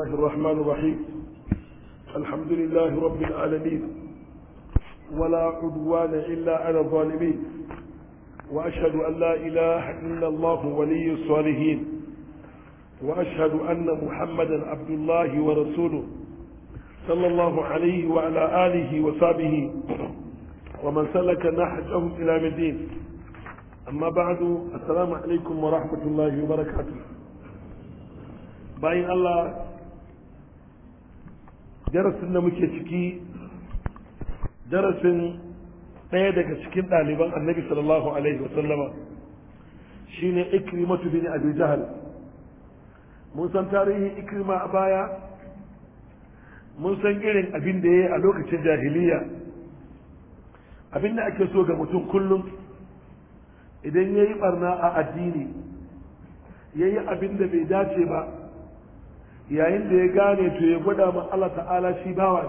الله الرحمن الرحيم الحمد لله رب العالمين ولا عدوان إلا على الظالمين وأشهد أن لا إله إلا الله ولي الصالحين وأشهد أن محمدا عبد الله ورسوله صلى الله عليه وعلى آله وصحبه ومن سلك نحجه إلى مدين أما بعد السلام عليكم ورحمة الله وبركاته باين الله darasin da muke ciki darasin ɗaya daga cikin ɗaliban annabi sallallahu alaihi wa wasallama shine ikrimatu bin abi jahal mun san tarihin ikrima a baya mun san irin abin da ya yi a lokacin jahiliya abin da ake so ga mutum kullum idan ya yi barna a addini ya yi abin da bai dace ba yayin da ya gane to ya gwada ma Allah ta'ala shi bawa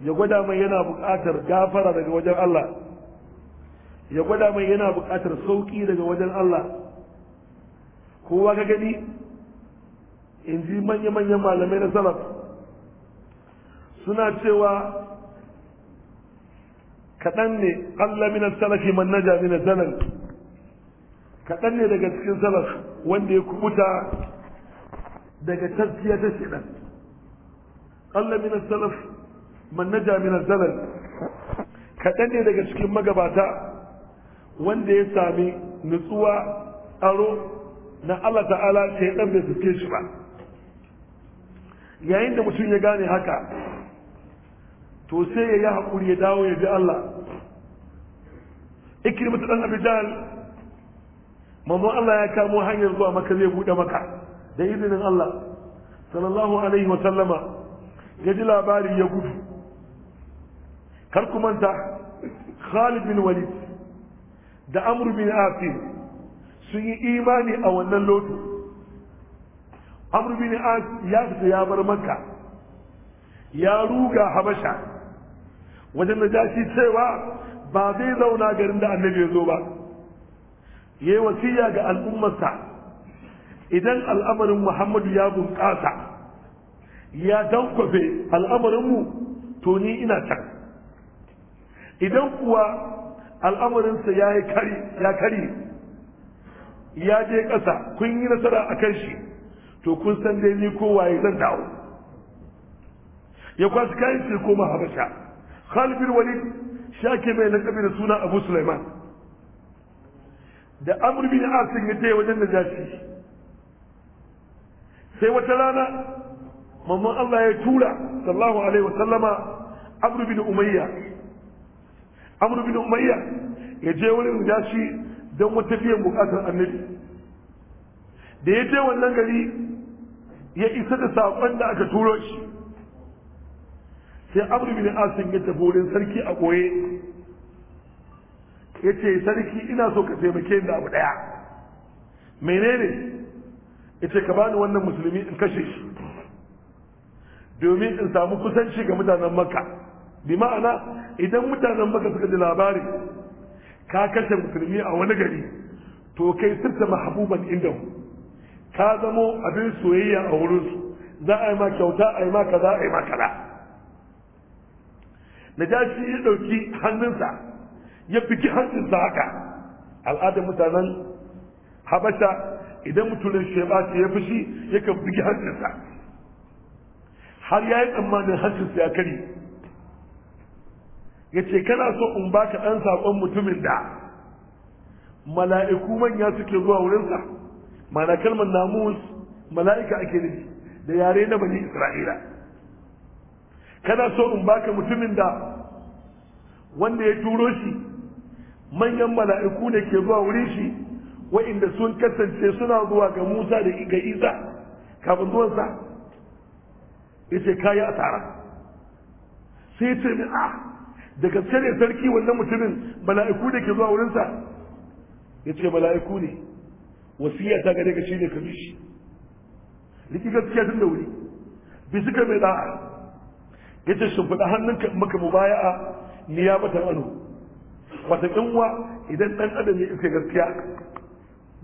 ne ya gwada mai yana buƙatar gafara daga wajen Allah ya gwada mai yana buƙatar sauƙi daga wajen Allah kowa ka gani in ji manya-manyan malamai na salaf suna cewa kaɗan ne Allah min salafi man naja min salaf kaɗan ne daga cikin salaf wanda ya kubuta daga taskiya ta shedan Allah min salaf man naja min zalal kadan ne daga cikin magabata wanda ya sami nutsuwa aro na Allah ta'ala dan bai suke shi ba yayin da mutum ya gane haka to sai ya yi haƙuri ya dawo ya bi Allah ikirmatu dan abu jahal Allah ya kamo hanyar zuwa maka zai buɗe maka da izinin Allah sallallahu alaihi wa sallama ya ji labari ya gudu kar ku manta Khalid bin Walid da Amr bin Afi sun yi imani a wannan lokacin Amr bin Afi ya fita ya bar Makka ya ruga Habasha wajen da shi cewa ba zai zauna garin da annabi ya zo ba yayi wasiya ga al'ummarsa idan al'amarin muhammadu ya bunƙasa ya dankwafe al'amarinmu to ni ina can idan kuwa al'amarinsa ya ya kari ya je ƙasa kun yi nasara a kan shi to kun san dai ni waye zan dawo ya kwasu kayan shi koma habasha khalifin walid shake mai lakabi da suna abu sulaiman da amur bin asin ya taya wajen najashi sai wata rana mamman Allah ya tura sallahu alaihi wasallama amru bin umayya amru bin umayya ya je wurin da shi don wata biyan bukatar annabi da ya je wannan gari ya isa da saƙon da aka turo shi sai amru bin asin ya tafi wurin sarki a ɓoye ya ce sarki ina so ka taimake ni da abu ɗaya menene ita ka bani wannan musulmi in kashe shi domin in samu kusanci ga mutanen maka bi ma'ana idan mutanen maka suka ji labari ka kashe musulmi a wani gari to kai sirta mahabuban inda ka zamo abin soyayya a su za a yi ma kyauta a yi ma kaza a yi ma kaza najashi ya ɗauki hannunsa ya fiki hannunsa haka al'adar mutanen habasha idan mutumin shebati ya fushi yakan bugi hancinsa har ya yi tsammanin hancinsa ya kari ya ce kana so in baka ɗan saƙon mutumin da mala'iku manya suke zuwa wurinsa mana kalmar namus mala'ika ake nufi da yare na bani isra'ila kana so in baka mutumin da wanda ya turo shi manyan mala'iku ne ke zuwa wurin shi wa'inda sun kasance suna zuwa ga Musa da ga Isa kafin zuwansa yace kayi tara sai ya ce min a ah, da gaske ne sarki wannan mutumin mala'iku da ke zuwa wurin ya ce mala'iku ne wasiya ta gare ka shine ka bi shi liki gaskiya tun da wuri bi suka mai da'a ya ce fada hannunka maka mubaya'a niyabatan ya anu wata uwa idan dan adam ya iske gaskiya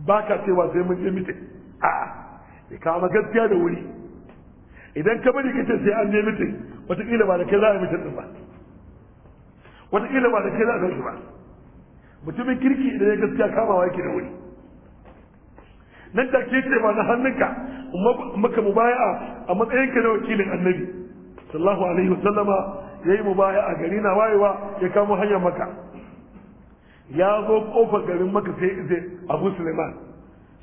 ba ka cewa sai mun je mitin a'a ya kama gaskiya da wuri idan ka bari ce sai an je mitin wataƙila ba da kai za a mitin din ba wataƙila ba da kai za a ɗauki ba mutumin kirki idan ya gaskiya kamawa yake da wuri nan da ke ce ba na hannunka maka mubaya'a a matsayinka na wakilin annabi sallallahu alaihi wasallama yayi mubaya'a gari na wayewa ya kamo hanyar maka ya zo kofar garin maka sai ize abu suleiman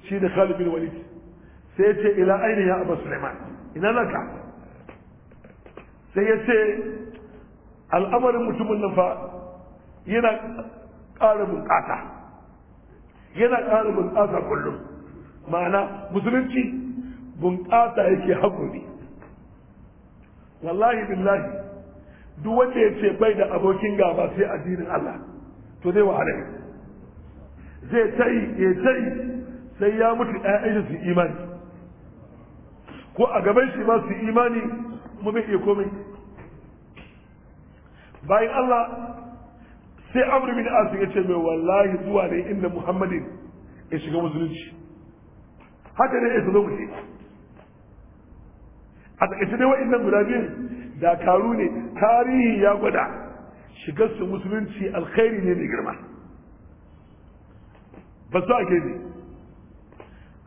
shi da khalid bin walid sai ce ila aini ya abu suleiman ina laka sai ya ce al'amarin mutumin nan fa yana ƙara bunƙasa yana ƙara bunƙasa kullum ma'ana musulunci bunƙasa yake haƙuri wallahi billahi duk wanda ya ce bai da abokin gaba sai addinin Allah to zai wahala zai ta yi ya ta yi sai ya mutu ƴaƴan su imani ko a gaban shi ba su imani mu bai iya komai bayan Allah sai amr bin as ya ce mai wallahi zuwa ne inda muhammadin ya shiga musulunci haka ne ya zo mu a takaice dai wa'annan guda biyu da dakaru ne tarihi ya gwada shigar su musulunci alkhairi ne mai girma ba su ake ne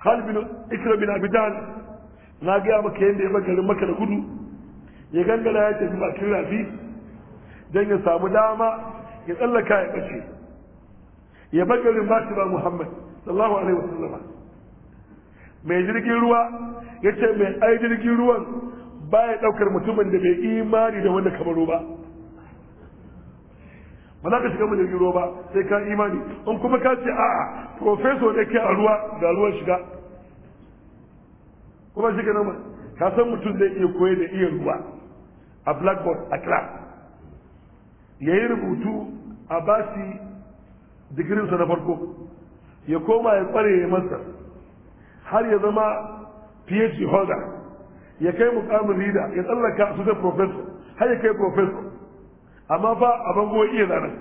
hal bin bin abidan na gaya maka yadda ya bakarin maka da gudu ya gangara ya tafi bakin rafi don ya samu dama ya tsallaka ya ɓace ya bakarin ba ba muhammad Sallahu alaihi wasallama mai jirgin ruwa ya ce mai ai jirgin ruwan ba ya ɗaukar mutumin da bai imani da wanda kamaru ba ba za ka shiga mai ruwa ba sai ka imani in kuma ka ce a'a professor da ke a ruwa ga ruwan shiga kuma shi kenan ka san mutum zai iya koyar da iya ruwa a blackboard a class ya yi rubutu a basi digirinsa na farko ya koma ya kware ya masa har ya zama phd holder ya kai mukamin rida ya tsallaka su da professor har ya kai professor amma fa a bango iya zanen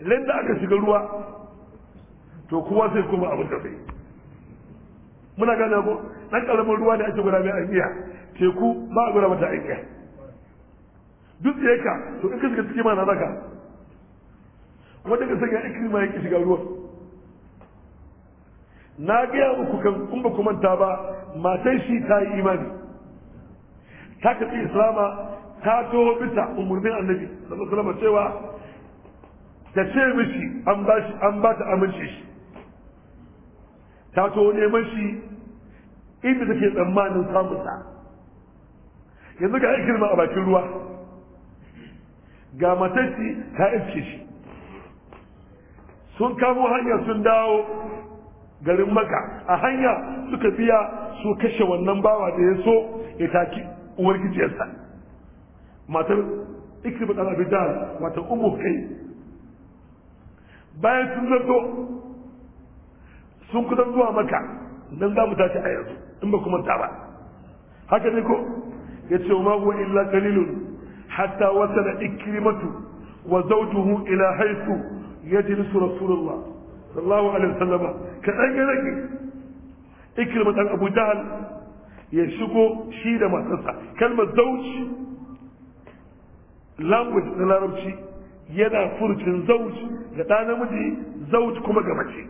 idan da aka shiga ruwa to kowa sai kuma abin da bai muna gane ko dan karamin ruwa da ake gudanar a iya teku ba a gudanar da a duk da yake to in ka shiga cikin ma na zaka wanda ka sanya ikrima yake shiga ruwa na gaya muku kan kun ba ku manta ba matan shi ta yi imani ta kaci islama ta to bisa umarnin annabi sallallahu alaihi cewa ta ce mishi an ba shi an ba ta amince shi ta to neman shi inda take tsammanin samun sa yanzu ga aikin ma a bakin ruwa ga matacci ta iske shi sun kawo hanya sun dawo garin maka a hanya suka biya su kashe wannan bawa da ya so ya taki uwargijiyarsa matar ikrimat al abidal matar umu kai bayan sun zato sun kudan zuwa maka nan za mu tashi a yanzu in ba kuma ta ba haka ne ko ya ce wa huwa illa kalilun hatta wasala matu wa zautuhu ila haythu yajlisu rasulullah sallallahu alaihi wasallam kadan ya rage ikrimatan abu jahl ya shigo shi da matarsa kalmar zauci language na larabci yana furcin zauj ga ɗa namiji zauj kuma ga mace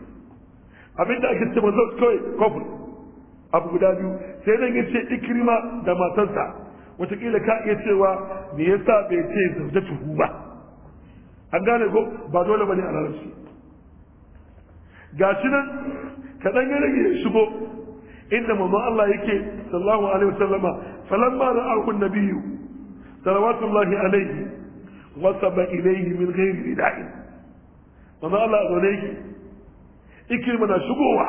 abinda ake cewa zauj kawai kofin abu guda biyu sai nan ya ce ikirma da matarsa watakila ka iya cewa me yasa bai ce tuhu ba an gane ko ba dole bane a larabci gashi nan kaɗan ya rage shigo inda mamman Allah yake sallallahu alaihi wasallama falamma ra'ahu nabiyyu salawatullahi alaihi wasaba ilaihi min ghairi bida'in manzo Allah zo ne ikirma na shigowa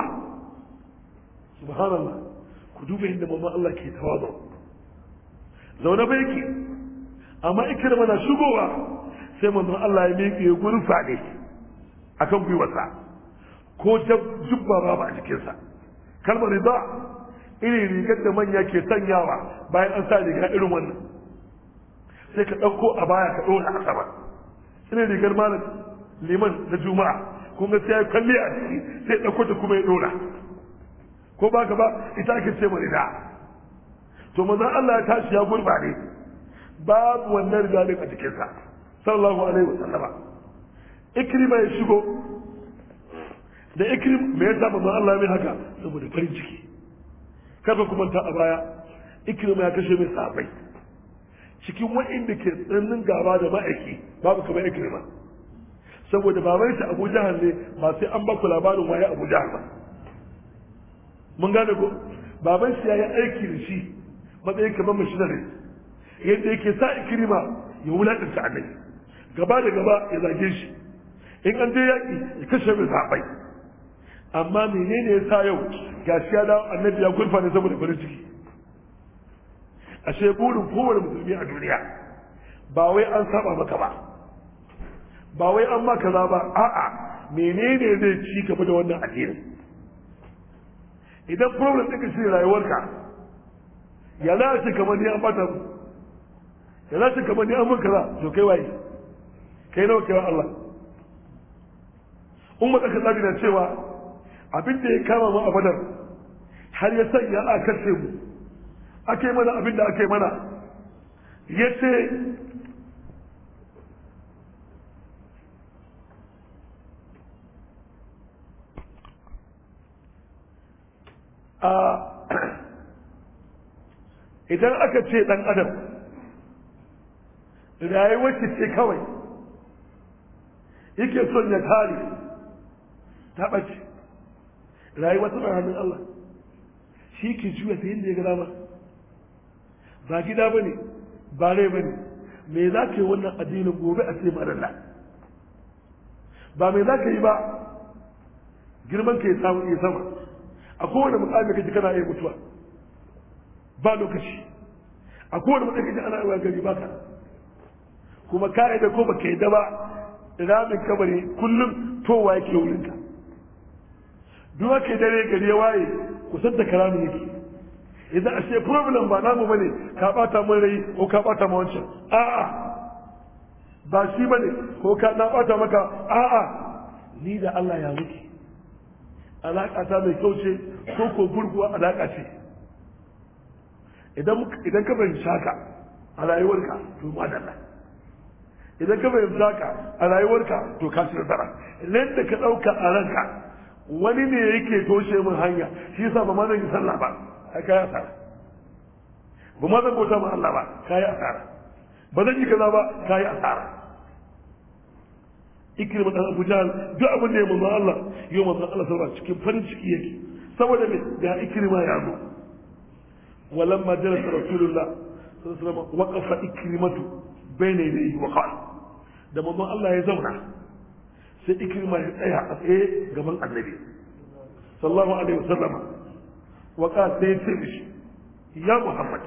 subhanallah ku duba inda manzo Allah ke tawazu zaune ba yake amma ikirma na shigowa sai manzo Allah ya miƙe gurfa ne akan gwiwarsa ko ta jubba ba a jikinsa kalmar rida irin rigar da manya ke sanyawa bayan an sa riga irin wannan sai ka ɗauko a baya ka ɗora a sama ina rigar malam liman na juma'a ga sai kalli a ciki sai ɗauko ta kuma ya ɗora ko ba ka ba ita ake ce mai da to maza Allah ya tashi ya gurbane babu wannan ne a jikinsa sallallahu alaihi wa sallama ikrima ya shigo da ikrim me yasa manzon Allah mai haka saboda farin ciki kaga kuma ta a baya ikrima ya kashe mai sabai cikin wa'inda ke tsananin gaba da ma'aiki babu kamar ikrima saboda baban shi abu jahal ne ba sai an baku labarin waye abu ba mun gane ko baban ya yayi aiki da shi matsayi kamar mashinari yadda yake sa ikirima ya a nai gaba da gaba ya zage shi in an je yaƙi ya kashe mai zaɓai amma menene ya sa yau gashi ya dawo annabi ya kurfane ne saboda farin ciki ashe burin kowane musulmi a duniya ba wai an saba maka ba ba wai an maka za ba a'a menene zai ci gaba da wannan addinin idan problem ɗin shi rayuwarka ya shi kamar ni an bata mu ya shi kamar ni an mun kaza to kai waye kai nawa kai Allah umma ta kallabi na cewa abin da ya kama mu a badar har ya sanya a kashe mu Ake mana abin da ake mana ya ce idan aka ce ɗan adam rayuwar ce kawai yake son ya kare ta ɓace rayuwar tana hannun Allah shi ke juya ta yin da ya gada ba ba gida ba ne ba rai ba ne me za ka yi wannan addinin gobe a ce marala ba me za ka yi ba girman ka ya samu ya sama a kowane mukami kaji kana iya mutuwa ba lokaci a kowane mutane kaji ana iya gari baka kuma ka da ko baka yi ba ramin kabari kullum towa yake wurinka duk ka dare gari ya waye kusan da karamin yake idan ashe problem ba namu bane ka bata mun rai ko ka bata mun wancan a'a ba shi bane ko ka na bata maka a'a ni da Allah ya muke alaka ta mai kyau ce ko ko gurguwa alaka ce idan idan ka fahimci shaka a rayuwarka to Allah idan ka fahimci shaka a rayuwarka to ka ci nasara nan da ka dauka a ranka wani ne yake toshe min hanya shi yasa ba ma zan yi sallah ba ka yi asara ba ma zan bauta ma Allah ba kai asara ba zan yi kaza ba kai asara ikrima ta Abu Jahl duk abin da ya manzo Allah yau manzo Allah saura cikin farin ciki yake saboda me ga ikirma ya zo walamma jalasa rasulullah sallallahu alaihi wasallam waqafa ikrimatu bayna yadayhi wa qala da manzo Allah ya zauna sai ikirma ya tsaya a tsaye gaban annabi sallallahu alaihi wasallam waka sai ce mishi ya muhammad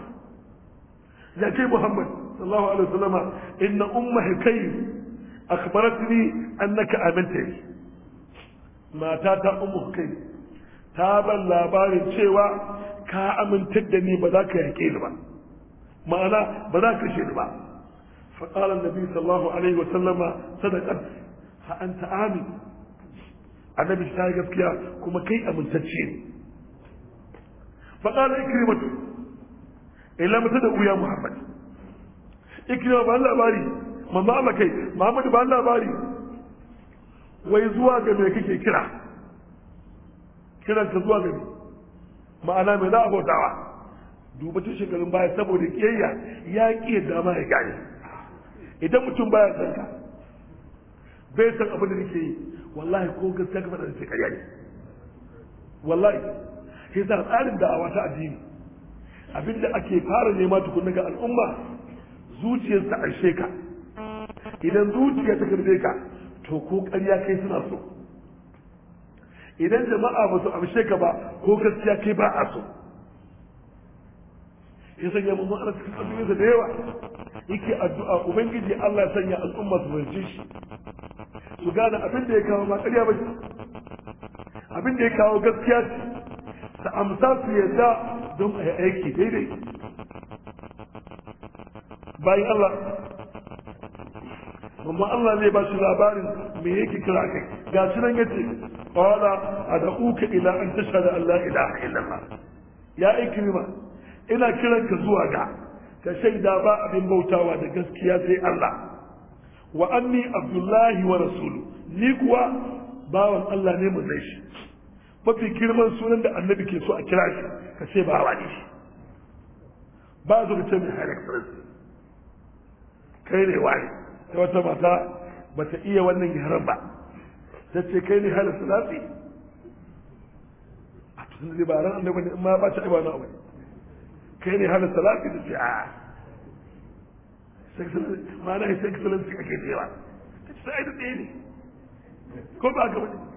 ya ce muhammad sallallahu alaihi wasallama inna umma hikayr akhbaratni annaka amanta mata ta ummu hikayr ta ban labarin cewa ka amintar da ni ba za ka yake ni ba ma'ana ba za ka ba فقال النبي صلى الله عليه وسلم صدقا فأنت آمن annabi ta gaskiya kuma kai amintacce ne فقال إكرمة إلا متى دعو يا محمد إكرمة بأن لا باري من ما أمكي محمد بأن لا باري ويزوا جميعك كرا كرا كزوا جميع ma'ana mai za a bautawa duba tun shekarun baya saboda kiyayya ya ƙi dama ya gane idan mutum baya san bai san abin da nake yi wallahi ko gaskiya ka faɗa da sai ƙarya ne wallahi sai sa tsarin da'awa ta addini abinda ake fara nema tukunna ga al'umma zuciyar ta ka idan zuciya ta karbe ka to ko ƙarya kai suna so idan jama'a ba su amshe ka ba ko gaskiya kai ba a so ya sanya mu ma'ana cikin da yawa yake addu'a ubangiji Allah ya sanya al'umma su fahimce shi su gane abin da ya kawo ma ƙarya ba abin da ya kawo gaskiya ce amsa su yadda don a daidai Bayi Allah amma Allah zai ba shi labarin me yake kira kai ga shi nan yace qala ad'uka ila an tashhada an la ilaha illallah ya ikrima ina kiranka zuwa ga ka shaida ba abin bautawa da gaskiya sai Allah wa anni abdullahi wa rasulu ni kuwa bawan Allah ne mu zai shi mafi girman sunan da annabi ke so a kira shi ka ce ba wani shi ba zuwa ka ce mai high excellency kai ne wani ta wata mata ba ta iya wannan yaran ba ta ce kai ne high excellency a tun da ba ran annabi ne ma ba ta aiwa na abu kai ne high excellency ta ce a ma'ana high excellency ake cewa ta ce sai da ɗaya ne ko ba ka wani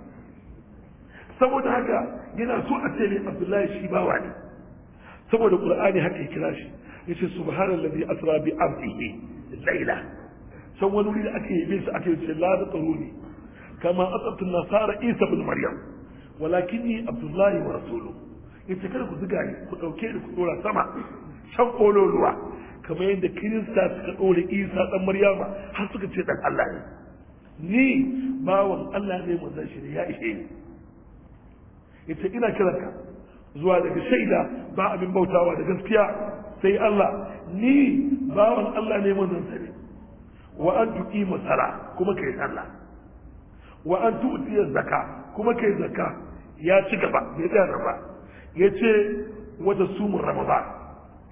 saboda haka yana so a ce ne abdullahi shi bawa ne saboda qur'ani haka ya kira shi ya yace subhanallazi asra bi abdihi laila san wani wuri da ake yi su ake ce la ne kama asabtu nasara isa bin maryam ni abdullahi wa ya ce kada ku zuga ni ku ɗauke da ku dora sama can kololuwa kamar yadda kirista suka ɗora isa dan maryama har suka ce dan Allah ne ni bawan Allah ne mu zan shi ya ishe ni yace ina kiranka zuwa daga shaida ba abin bautawa da gaskiya sai Allah ni bawan Allah ne mun sani wa an tuqima masara kuma kai sallah wa an tu'ti zakka kuma kai zakka ya ci gaba bai tsaya Ya yace wata sumun ramadan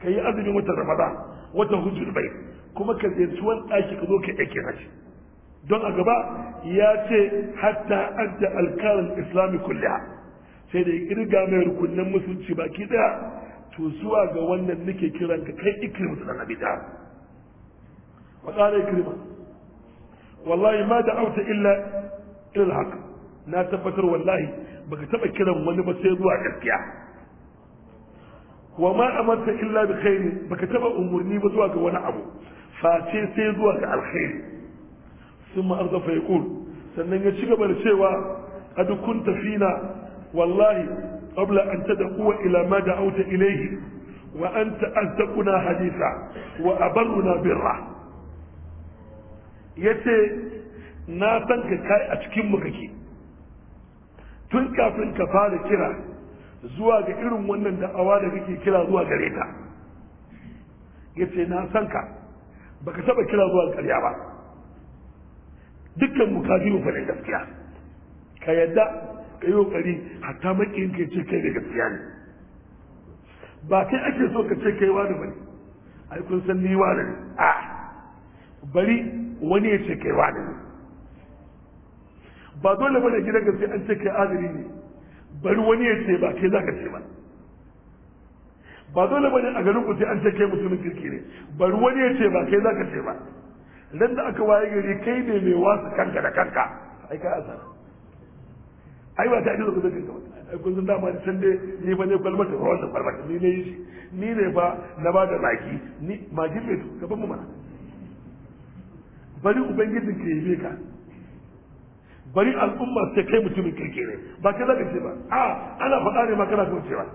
kai azumin wata ramadan wata hujjul bai kuma ka je wani ɗaki ka zo ka yake na shi don a gaba ya ce hatta anta alkalin islami kulliya sai da ya kirga mai rukunin musulunci baki daya to zuwa ga wannan nake kiran ka kai ikirin da na bida wa qala ikirma. wallahi ma da auta illa ila haq na tabbatar wallahi baka taba kiran wani ba sai zuwa gaskiya wa ma amarta illa bi khairi baka taba umurni ba zuwa ga wani abu face sai zuwa ga alkhairi sun ma'arzafa ya sannan ya ci gaba da cewa قد كنت wallahi qabla an tad'u ila ma da'awta ilayhi wa anta asdaquna haditha wa birra yace na san ka kai a cikin mu kake tun kafin ka fara kira zuwa ga irin wannan da'awa da kake kira zuwa gare ta yace na san ka baka taba kira zuwa ƙarya ba dukkan mu kafiru fa gaskiya ka yadda ka yi kokari hatta makiyin ka ce kai da gaskiya ne ba kai ake so ka ce kai wani bane ai kun san ni wani ne a bari wani ya ce kai wani ne ba dole bane gidan gaskiya an ce kai adali ne bari wani ya ce ba kai zaka ce ba ba dole bane a garin ku sai an ce kai musulmin kirki ne bari wani ya ce ba kai zaka ce ba nan da aka waye gari kai ne mai wasu kanka da kanka ai ka asara ai ba ta ido ku zaka kamar kun san dama san dai ni ba ne kwalmar da wannan farmar ni ne shi ni ne ba na ba da zaki ni magin mai to ka ban mu mana bari ubangiji ke yi ka bari al'umma ta kai mutumin kirki ne ba ka zaka ce ba a ana faɗa ne ma kana so cewa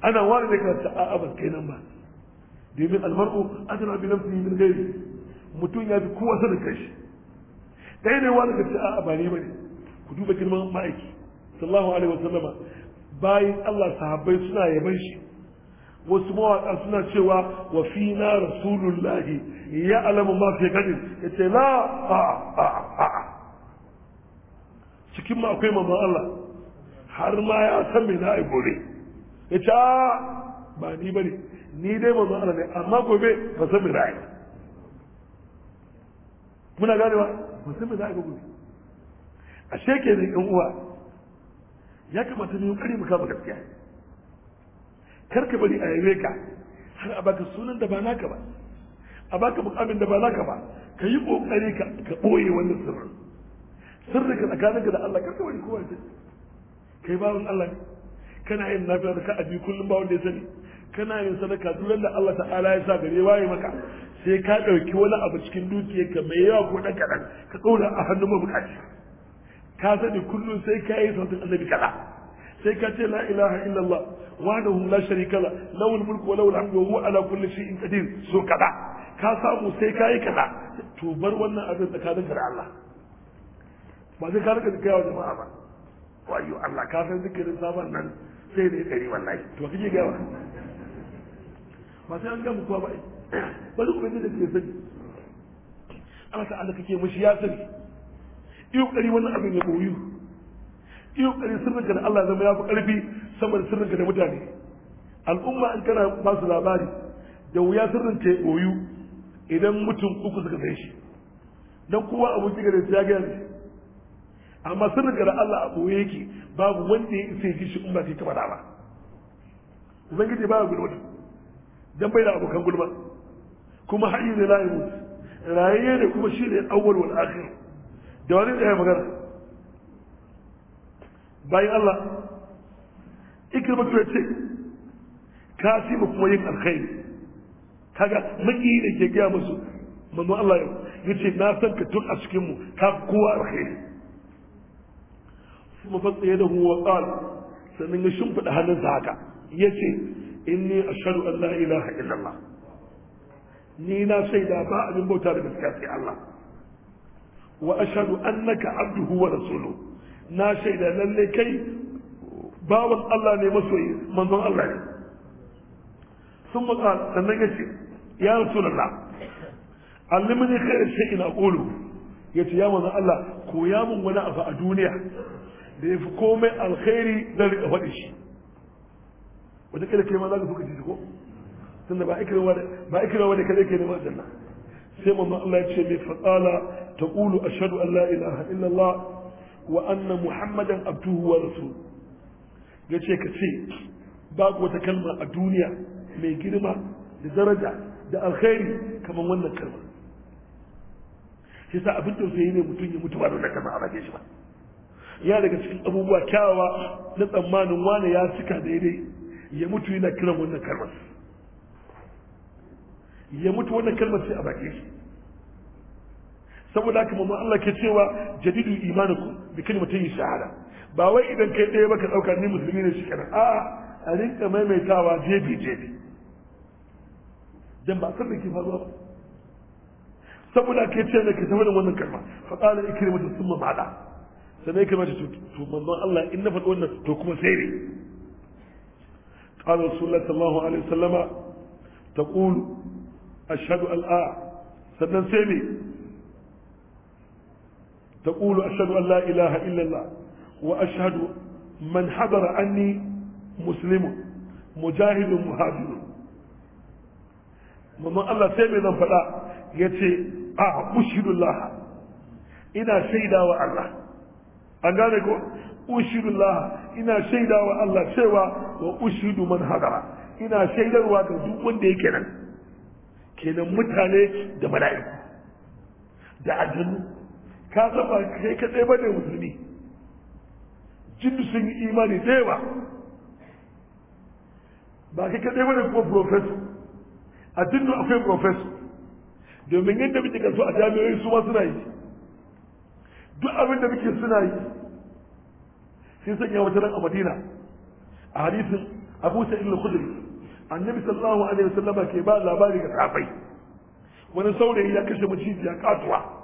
ana ware ne kana a ba kai nan ba domin almar'u adana bi nafsi min ghairi mutum ya fi kowa sanin kashi dai ne wani ka ce a ba ni bane ku duba girman ma'aiki sallallahu alaihi wasallama bayan Allah sahabbai suna yaban shi wasu mawaƙa suna cewa wa fina rasulullahi ya alamu ma fi gadin ya ce la a a a cikin ma akwai mamman Allah har ma ya san me na a gobe ya ce ba ni ba ne ni dai mamman Allah ne amma gobe ba san me na muna ganewa ba san me na gobe a sheke da yan uwa ya kamata ne yi mu kama gaskiya kar ka bari a yaye ka har a baka sunan da ba naka ba a baka mukamin da ba naka ba ka yi kokari ka boye wannan sirrin sirrin ka tsakaninka da Allah kar ka bari kowa ya kai bawon Allah ne kana yin nafiya da ka abi kullum bawon da ya sani kana yin sadaka duk da Allah ta'ala ya sa gare waye maka sai ka ɗauki wani abu cikin dukiyarka mai yawa ko ɗan kadan ka ɗaura a hannun mabukaci ka sani kullum sai ka yi sautin annabi kaza sai ka ce la ilaha illallah wahdahu la sharika la lahu mulku wa lahu alhamdu wa huwa ala kulli shay'in qadir so kaza ka samu sai ka yi kaza to bar wannan abin da tsakanin da Allah ba sai ka rika kai wa jama'a ba wayo Allah ka san zikirin sabon nan sai da kari wallahi to kike ga ba ba sai an ga muku ba bari ku da ke sani Allah ta'ala kake mushi ya sani iyo kari wannan abin ya koyu iyo sirrin sirrinka da Allah zama ya fi karfi sama da sirrinka da mutane al'umma in kana ba su labari da wuya sirrin ya koyu idan mutum uku suka sai shi don kowa abokin da ya gaya ne amma sirrinka da Allah a boye yake babu wanda ya isa ji shi umma ba sai ta faɗa ba ubangiji ba abu da wani dan bai da abokan gulma kuma hayyu la yamut rayayye ne kuma shi ne awwal wal akhir da wani tsaye magana bayan Allah ikirmatu ya ce ka si mu kuma yin alkhairi kaga maki da ke gaya musu manzo Allah yau ya ce na san ka tun a cikin mu ka kowa alkhairi kuma fatsa ya dahu wa qal sannan ya shimfida hannunsa haka ya ce inni ashhadu an la ilaha illallah ni na shaida ba abin bauta da gaskiya sai Allah wa ashhadu annaka abduhu wa rasuluhu na shaida lalle kai bawan Allah ne masoyi manzon Allah ne sun maka sannan ya ce ya rasulullah allimni khairu shay'in aqulu yace ya manzon Allah koya mun wani abu a duniya da yafi komai alkhairi zan rika faɗi shi wata kai ma za ka fuka ka ko tunda ba ikirawa da ba ikirawa da kai ke neman aljanna sai mamman Allah ya ce mai ta ƙulu a shaɗu Allah ilaha illa Allah wa anna muhammadan abduhu wa Ya ce ka ce babu wata kalma a duniya mai girma da daraja da alkhairi kamar wannan kalma shi sa abin yi ne mutum ya mutu ba da wannan kalma a bakin shi ba ya daga cikin abubuwa kyawawa na tsammanin wane ya cika daidai ya mutu yana kiran wannan kalmar ya mutu wannan kalmar sai a bakin shi saboda haka mamman Allah ke cewa jadidu imanukum bi yi shahada ba wai idan kai ɗaya baka ɗauka ni musulmi ne shi kana a'a a rinka maimaitawa jebi jebi dan ba san da ke faruwa ba saboda ke ce da ke tafi da wannan kalma fa qala ikrimatu thumma ba'da sanai kamar ta to manzon Allah in na faɗi wannan to kuma sai ne qala rasulullahi sallallahu alaihi wasallama taqulu ashhadu al a sannan sai ne تقول أشهد أن لا إله إلا الله وأشهد من حضر عني مسلم mamman Allah sai mai zan faɗa yace a'a a ushidullah ina shaidawa Allah an gane ko ushidullah ina shaida wa Allah cewa wa ushidu man hadara ina shaidarwa ga duk wanda yake nan kenan mutane da mala'iku da aljannu ka san ba kai ka tsaye bane musulmi jin sun yi imani ɗaya ba ba kai ka ba bane kuma professor a da akwai professor domin yadda muke kaso a jami'o'i su ma suna yi duk abin da muke suna yi sai sanya wata ran a madina a hadisin abu sa'id al-khudri annabi sallallahu alaihi wasallama ke ba labari ga sahabbai wani saurayi ya kashe ya katuwa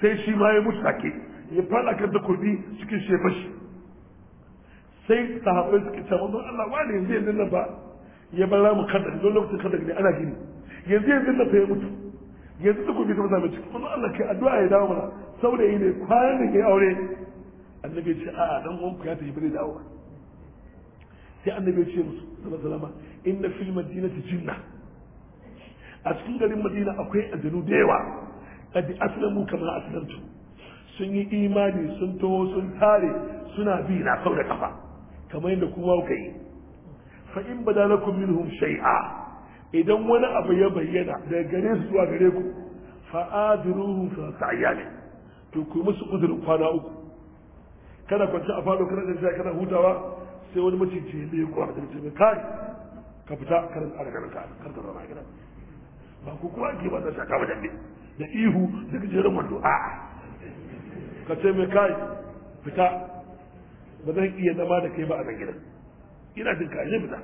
sai shi ma ya mutu take ya fada kan takobi cikin shebashi sai sai sahabbai suke ce manzon Allah wani yanzu yanzu nan ba ya bar ramu kada don lokacin kada ne ana gini yanzu yanzu nan fa ya mutu yanzu takobi ta mutane ciki manzon Allah kai addu'a ya dawo mana saboda yi ne kwanan da ya aure annabi ya ce a'a dan ku ya tafi bane dawo sai annabi ya ce musu sallallahu alaihi wasallam inna fil madinati jinna a cikin garin madina akwai ajalu da yawa qad aslamu kama aslamtu sun yi imani sun taho sun tare suna bi na sau da kafa kamar yadda kuma kuka yi fa in bada minhum shay'a idan wani abu ya bayyana daga gare su zuwa gare ku fa adiruhu fa ta'yani to ku musu uzurin kwana uku kada kwanci a falo kana da kana hutawa sai wani macici ya leko a cikin kai ka fita karin a daga ranka kar ka a gidan ba ku kuma ake ba ta shaka wajen ne da ihu da gajeren wando a'a ka ce mai kai fita ba zan iya zama da kai ba a nan gidan ina jin ka je fita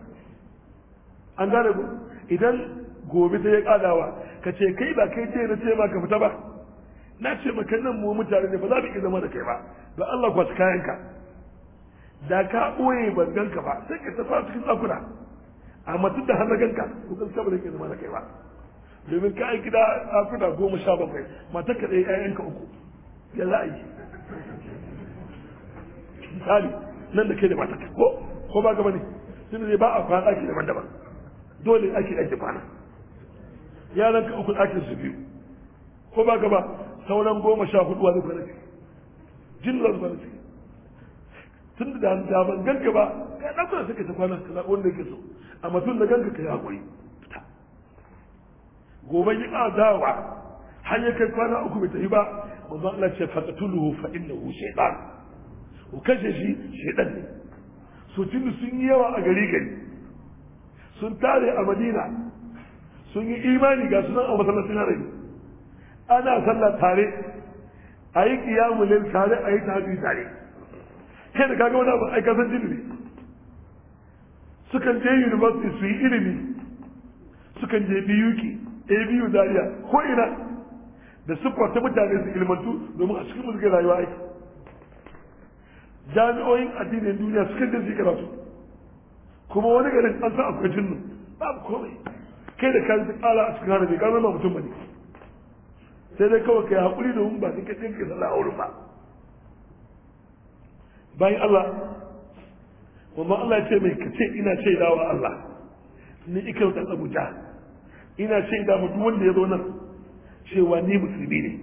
an gane ku idan gobe sai ya kadawa ka ce kai ba kai ce na ce ma ka fita ba na ce maka nan mu mutane ne ba za mu iya zama da kai ba ba Allah kayan kayanka da ka ɓoye ban ganka ba sai ka tafa cikin tsakuna amma tun da har na ganka ko kan saboda ke zama da kai ba domin ka aiki da akuta goma sha bakwai mata ka ɗaya ƴaƴanka uku ya za a yi misali nan da kai da mata ko ko ba gaba ne sun zai ba a kwana ɗaki daban-daban dole ɗaki ɗaki kwana yaran ka uku ɗakin su biyu ko ba gaba sauran goma sha hudu wani kwana jin zan kwana tun da da ban ganka ba ka ɗaukar suka ta kwana wanda ke so amma tun da ganka ka yi haƙuri gobe yi ƙara har ya kai kwana uku bai tafi ba ba zan Allah ce faqatuluhu fa innahu shaytan ku kashe shi shaytan ne so tun sun yi yawa a gari gari sun tare a Madina sun yi imani ga sunan a masallacin harami ana sallah tare a yi kiyamu tare a yi tahajjud tare kai da kaga wani abu ai kasan jini ne sukan je university su yi ilimi sukan je biyuki abu dariya ko ina da siffar ta mutane su ilmantu domin a cikin musulun rayuwa aiki jami'o'in addinin duniya sukan je su karatu kuma wani garin an san akwai jinnu babu komai kai da kayan ta kala a cikin hana mai zama mutum bane sai dai kawai kai haƙuri domin ba kai kaɗin ka zala a wurin ba bayan Allah kuma Allah ya ce mai kace ina ce dawa Allah ni ikirtan Abuja ina ce da mutum wanda ya zo nan cewa ni musulmi ne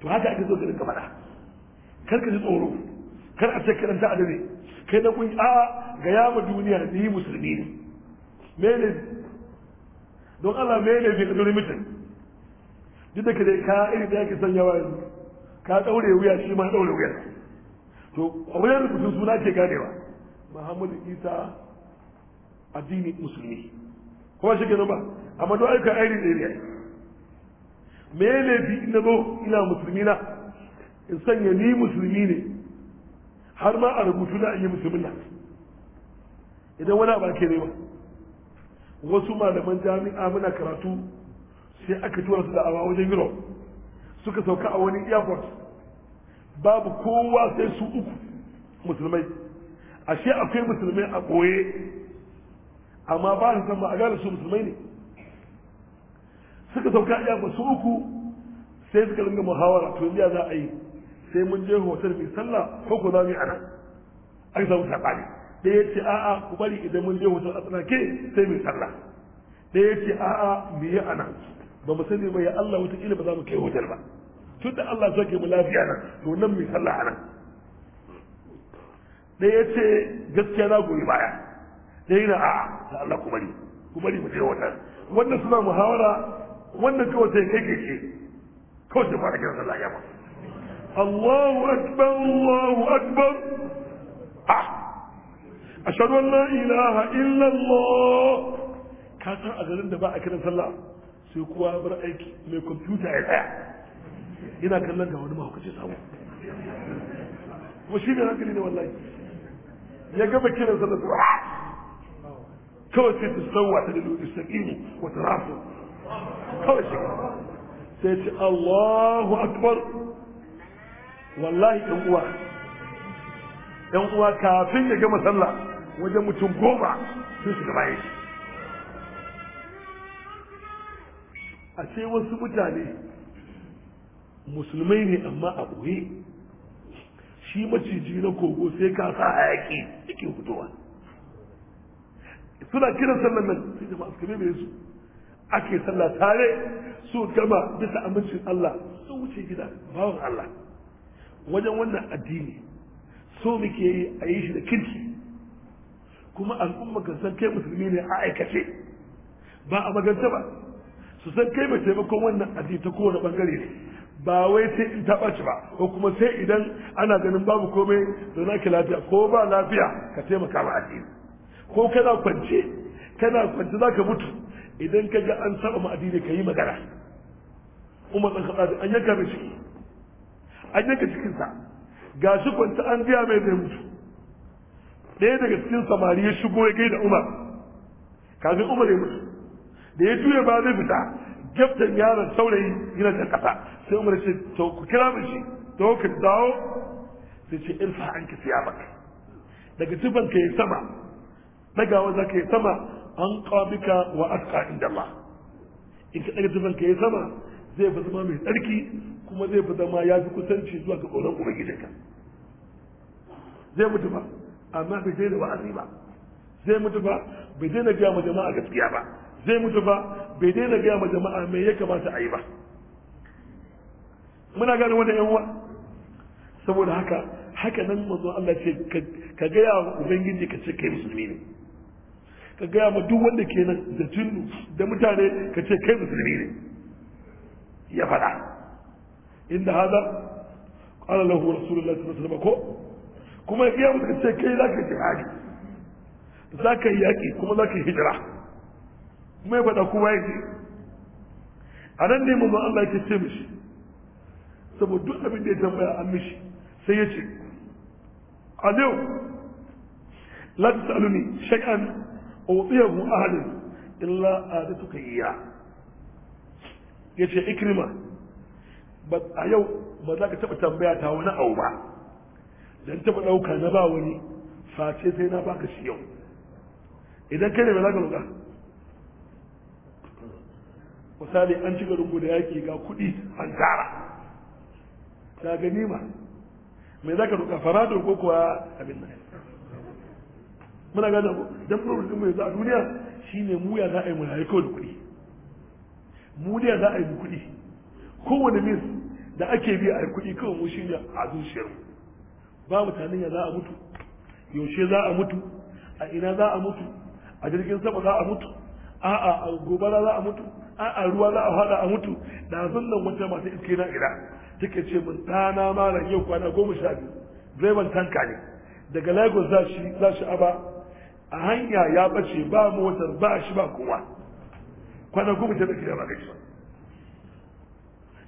to haka ake so ka rinka faɗa kar ka ji tsoro kar a ce karanta adabi kai na kun a ga yama duniya ni musulmi ne mene don Allah mene bai mutum duk da kare ka iri da yake yawa yanzu ka ɗaure wuya shi ma daure wuya to a rubutun suna ke ganewa Muhammadu Isa addini musulmi kuma shi gano ba amma duk aika airi ne ne me ya laifi in na zo ina musulmi na in sanya ni musulmi ne har ma a rubutu na yi musulmin na idan wani ba ke ne ba wasu malaman jami'a muna karatu sai aka tura su da awa wajen europe suka sauka a wani airport babu kowa sai su uku musulmai ashe akwai musulmai a ɓoye amma ba su san ba a gane su musulmai ne suka sauka iya ba su uku sai suka ringa muhawara to yanzu za a yi sai mun je hotel mai sallah ko ko za mu yi anan an samu sabani da ya ce a'a ku bari idan mun je hotel a tsanake sai mai sallah da ya ce a'a mu yi anan ba mu sani ba ya Allah wata kila ba za mu kai hotel ba tun da Allah zai mu lafiya nan to nan mai sallah anan da ya ce gaskiya na goyi baya sai na a'a da Allah ku bari ku bari mu je wannan wannan suna muhawara wannan kawai sai kai kai ko da fara kiran sallah ya ba Allahu akbar Allahu akbar ah ashhadu an la ilaha illa Allah ka san a garin da ba a kiran sallah sai kuwa bar aiki mai kwamfuta ya tsaya ina kallon ga wani mahaukaci samu kuma shi ne hankali ne wallahi ya gaba kiran sallah ah! kawai sai ta sauwa ta dalo istaqimu wa rafu kawai shi sai ce Allahu akbar wallahi ɗan uwa ɗan uwa kafin ya gama sallah wajen mutum goma sun shiga bayan shi a ce wasu mutane musulmai ne amma a ɓoye shi maciji na kogo sai ka sa hayaki cikin fitowa suna kiran sallan nan sai jama'a suka mai su ake sallah tare su gama bisa amincin Allah su wuce gida bawan Allah wajen wannan addini so muke yi a yi shi da kirki kuma al'umma kan san kai musulmi ne a aikace ba a magance ba su san kai mai taimakon wannan addini ta kowane bangare ne ba wai sai in taɓa ci ba ko kuma sai idan ana ganin babu komai da na lafiya ko ba lafiya ka taimaka ma addini ko kana kwance kana kwance za ka mutu idan ka ga an saba ma addini ka yi magana umar ɗan kaɗa an yanka mai ciki an yanka cikinsa ga shi kwance an biya mai zai mutu ɗaya daga cikin samari ya shigo ya gaida umar kafin umar ya mutu da ya juya ba zai fita gaftan yaron saurayi yana da ƙasa sai umar ya ce to ku kira mai shi to ka dawo sai ce irfa an ka siya baka daga ka ya sama dagawa za ka yi sama an ƙabika wa aska inda Allah in ka ɗaga tufan ka yi sama zai fi zama mai tsarki kuma zai fi zama ya fi kusanci zuwa ga ƙaunar ubangijinka zai mutu ba amma bai daina wa'azi ba zai mutu ba bai daina gaya ma jama'a gaskiya ba zai mutu ba bai daina gaya ma jama'a me ya kamata a yi ba muna gane wani yan uwa saboda haka haka nan mazo Allah ce ka gaya wa ubangiji ka ce kai musulmi ne ka gaya ma duk wanda ke nan da jinnu da mutane ka ce kai musulmi ne ya faɗa inda hadar qala lahu rasulullahi sallallahu alaihi wasallam ko kuma ya gaya ka ce kai zaka jihadi zaka yi yaƙi kuma za yi hijira kuma ya faɗa kuma ya ce a nan ne mun Allah ya ce mishi saboda duk abin da ya tambaya an mishi sai ya ce aliyu la saluni shay'an utiyahu ahadin illa adatuka iya yace ikrima ba a yau ba za ka taba tambaya ta wani au ba dan ɗauka na ba wani face sai na baka shi yau idan kai ne ba za ka roƙa misali an ci garin da yaƙi ga kuɗi an tara ta ganima mai za ka roƙa faradar ko muna gane abu dan problem din mu a duniya shine ne muya za a yi mu kawai da kuɗi muya za a yi kuɗi kowane mis da ake bi a yi kuɗi kawai mu ne a zuciyar ba mutanen ya za a mutu yaushe za a mutu a ina za a mutu a jirgin sama za a mutu a'a a gobara za a mutu a'a ruwa za a hada a mutu da zan nan wata masu iske na ira take ce mun tana malam yau kwana goma sha biyu direban tanka ne daga lagos za shi aba a hanya ya bace ba motar ba shi ba kowa kwana kuma ta dake ba gaisa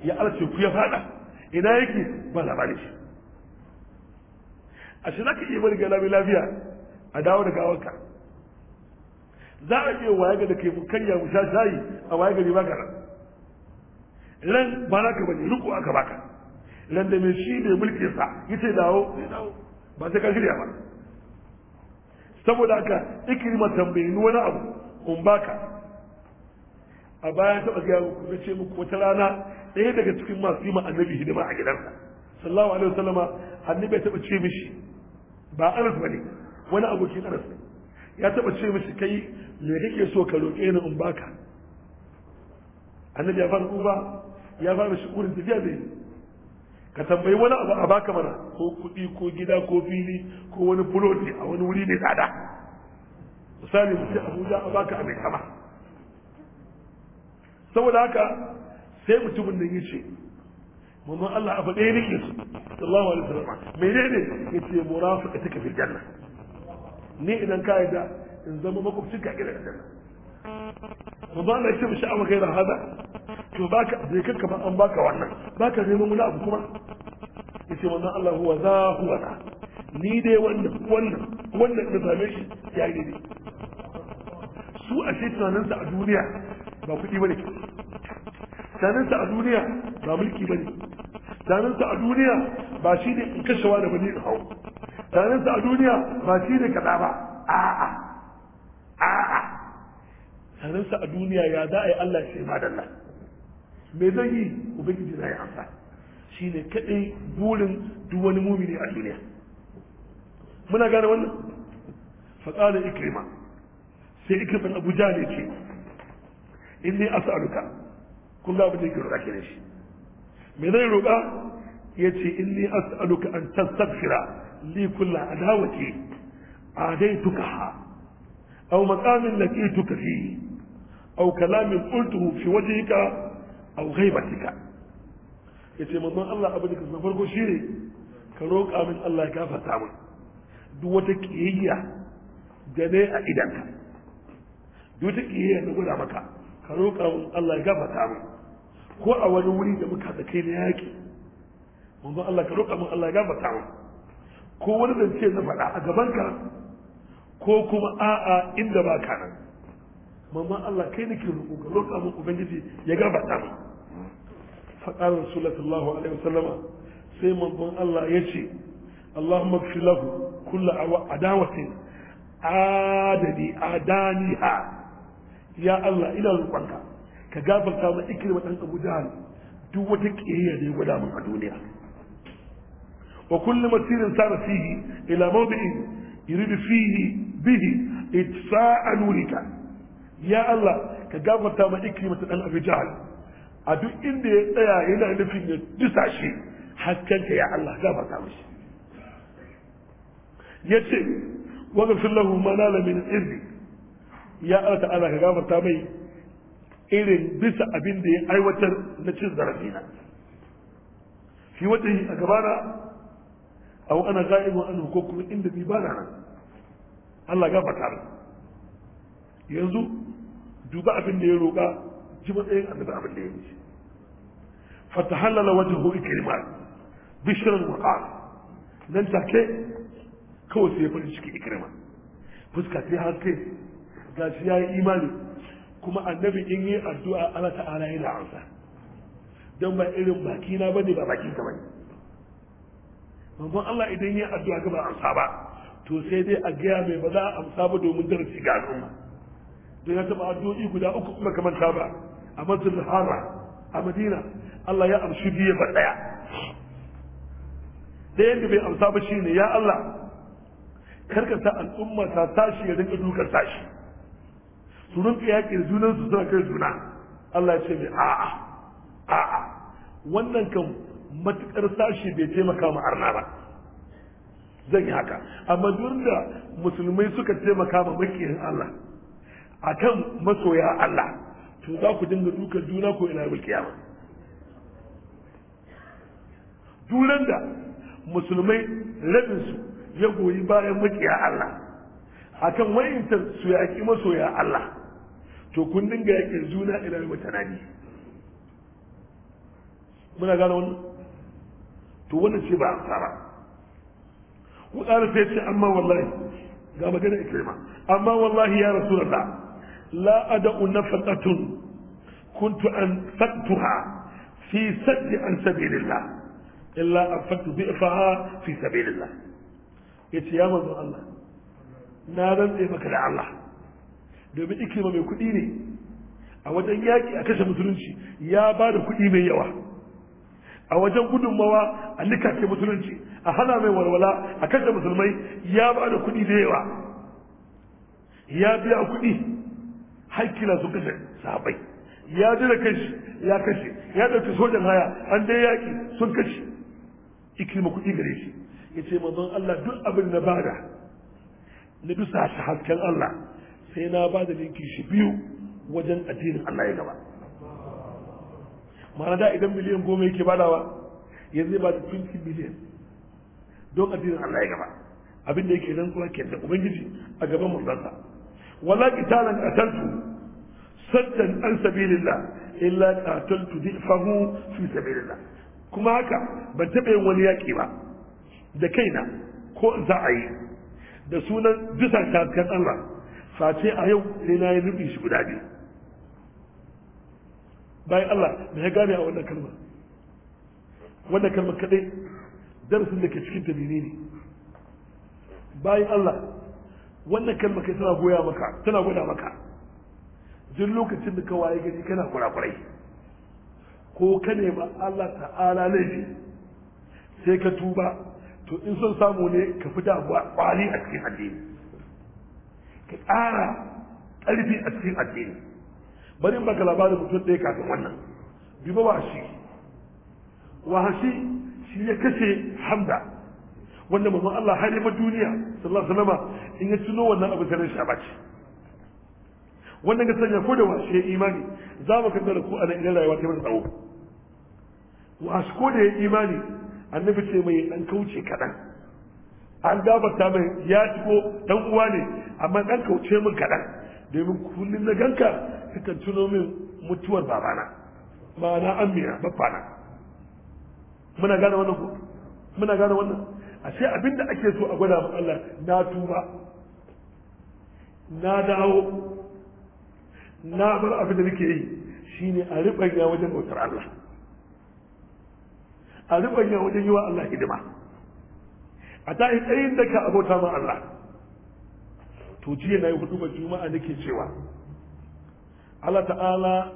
ya alce ku ya fada ina yake ba labari shi a shi zaka iya bari ga lafiya a dawo da gawarka za a iya waya ga da ke kanya mu sha shayi a waya ga ba gara ran ba na ka bane riko aka baka ran da me shi ne mulkin sa yace dawo ba sai ka shirya ba saboda haka ikrima tambayi ni wani abu in baka a bayan taɓa gaya muku na ce muku wata rana ɗaya daga cikin masu yi annabi hidima a gidansa sallallahu alaihi salama annabi ya taɓa ce mishi ba anas bane wani abokin anas ne ya taɓa ce mishi kai me kake so ka roƙe ni in baka annabi ya fara ɗuba ya fara shi kurin tafiya zai ka tambayi wani abu a baka mana ko kuɗi ko gida ko fili ko wani buloti a wani wuri mai tsada misali mu ce abuja a baka a mai kama saboda haka sai mutumin nan ya ce mamman Allah abu ɗaya ne su sallallahu alaihi wasallam menene yace murafiqa take fi janna ni idan ka yi da in zama makwabcin ka da janna ba na ce mishi abu gaira hada to baka bai kanka ba an baka wannan baka neman wani abu kuma yace wannan Allah huwa za huwa ni dai wannan wannan wannan da same shi ya yi ne su a ce tunaninsa a duniya ba kuɗi ba ne tunaninsa a duniya ba mulki ba ne tunaninsa a duniya ba shi ne in kashewa da bane in hau tunaninsa a duniya ba shi ne kaɗa ba rayuwarsa a duniya ya za a yi Allah shi ma dalla me zai yi ubangiji zai amsa shine kaɗai burin duk wani mumini a duniya muna gane wannan faqala ikrima sai ikriman abu ne ce inni as'aluka kun ga abin da yake roƙa shi me zai roƙa yace inni as'aluka an tastaghfira li kulli adawati adaytuka aw مقام laqituka فيه aw kalamin qultuhu fi wajhika aw ghaibatika yace manzon Allah abin da na farko shine ka roƙa min Allah ya gafarta min duk wata kiyayya da ne a idanka duk wata kiyayya da gwada maka ka roƙa min Allah ya gafarta min ko a wani wuri da muka da kai na yaƙi manzon Allah ka roƙa min Allah ya gafarta min ko wani zance na faɗa a gabanka ko kuma a'a inda ba ka nan mamma Allah kai nake roƙo ka roƙa min ubangiji ya gabata mu fa qala rasulullahi alaihi wasallama sai manzon Allah ya ce Allahumma ighfir lahu kullu adawatin adani adaniha ya Allah ina roƙonka ka gafarta min ikrima dan Abu Jahl duk wata da ya gwada min a duniya wa kullu masirin sara fihi ila mawdi'in yuridu fihi bihi itfa'a nurika ya Allah ka gafarta ma ikrimata dan abi jahal a duk inda ya tsaya yana nufin ya dusa shi haskenka ya Allah gafarta mishi yace wa ghfir lahu ma nala min irdi ya Allah ta'ala ka gafarta mai irin bisa abin da ya aiwatar na cin zarafi na fi wajen a gabana a ana za'in anhu ko kuma inda bi bana nan Allah gafarta mai yanzu duba abin da ya roƙa ji matsayin annabi abin da ya yi fatahallala wajen hori bishran wa waƙa nan take kawai sai farin ciki ikirma fuska sai haske ya yi imani kuma annabi in yi addu'a Allah ta'ala yana amsa don ba irin baki na bane ba baki ka bane Mamman Allah idan yi addu'a ga ba amsa ba to sai dai a gaya mai ba za a amsa ba domin darasi ga al'umma da ya taba addu'o'i guda uku kuma kamar ta ba a masjid al-haram a madina Allah ya amshi biye ba daya da yadda bai amsa ba shine ya Allah karkata sa al'umma ta tashi ya dinka dukar tashi su rinka yaƙi da junan su suna kai juna Allah ya ce mai a'a a'a wannan kan matukar sashi bai taimaka ma arna ba zan yi haka amma duk da musulmai suka taimaka ma makiyin Allah akan masoya Allah to za ku dinga dukan juna ko ina bil kiyama duran da musulmai rabin su ya goyi bayan makiya Allah akan wayintar su yaki masoya Allah to kun dinga yakin juna ila bil tanani muna gano wannan to wannan ce ba asara ku ƙara sai ce amma wallahi ga magana ikrima amma wallahi ya rasulullah لا أدأ نفقة كنت أنفقتها في سد عن سبيل الله إلا أنفقت ضعفها في سبيل الله yace ya manzo Allah na rantse maka da Allah domin ikima mai kuɗi ne a wajen yaƙi a kashe musulunci ya ba da kuɗi mai yawa a wajen gudunmawa a likake musulunci a hana mai walwala a kashe musulmai ya ba da kuɗi da yawa ya biya kuɗi haikila su kashe sahabai ya jira kashi ya kashe ya ɗauki sojan haya an dai yaƙi sun kashe ikirma kuɗi gare shi ya ce mazan Allah duk abin na bada na bisa shi hasken Allah sai na bada linki shi biyu wajen addinin Allah ya gaba ma'ana da idan miliyan goma yake badawa yanzu ba da 20 miliyan don addinin Allah ya gaba abin da yake rantsuwa ke da ubangiji a gaban manzansa wala kitalan atantu saddan an sabilillah illa qataltu dhifahu fi sabilillah kuma haka ban taɓa yin wani yaƙi ba da kaina ko za a yi da sunan bisa tafiyan Allah face a yau sai na yi rubi shi guda biyu bayan Allah da ya gane a wannan kalmar wannan kalmar kadai darasin da ke cikin ta ne bayan Allah wannan kalmar kai tana goya maka tana gwada maka duk lokacin da ka waye kana kurakurai ko ka nema Allah ta'ala laifi sai ka tuba to in son samu ne ka fita kwari a cikin addini ka tsara ƙarfi a cikin addini bari in baka labarin mutum ɗaya kafin wannan bi ba shi wahashi shi ya kashe hamda wanda mamman Allah ma duniya sallallahu alaihi in ya tuno wannan abin sanar shi a wannan ga sanya ko da washe imani za mu kanta da ku ana idan rayuwa ta masa tsawo wasu ko da ya imani annabi ce mai dan kauce kaɗan an gabata mai ya ko dan uwa ne amma dan kauce mun kaɗan domin kullum na ganka kan tuno min mutuwar babana ma'ana amina babbana muna gane wannan ko muna gane wannan ashe abinda ake so a gwada mu Allah na tuba na dawo na bar abin da nake yi shine a ribanya wajen bautar Allah a ribanya wajen yi wa Allah hidima a ta tsayin da ka abota ma Allah to jiya na yi hudu juma'a nake cewa Allah ta'ala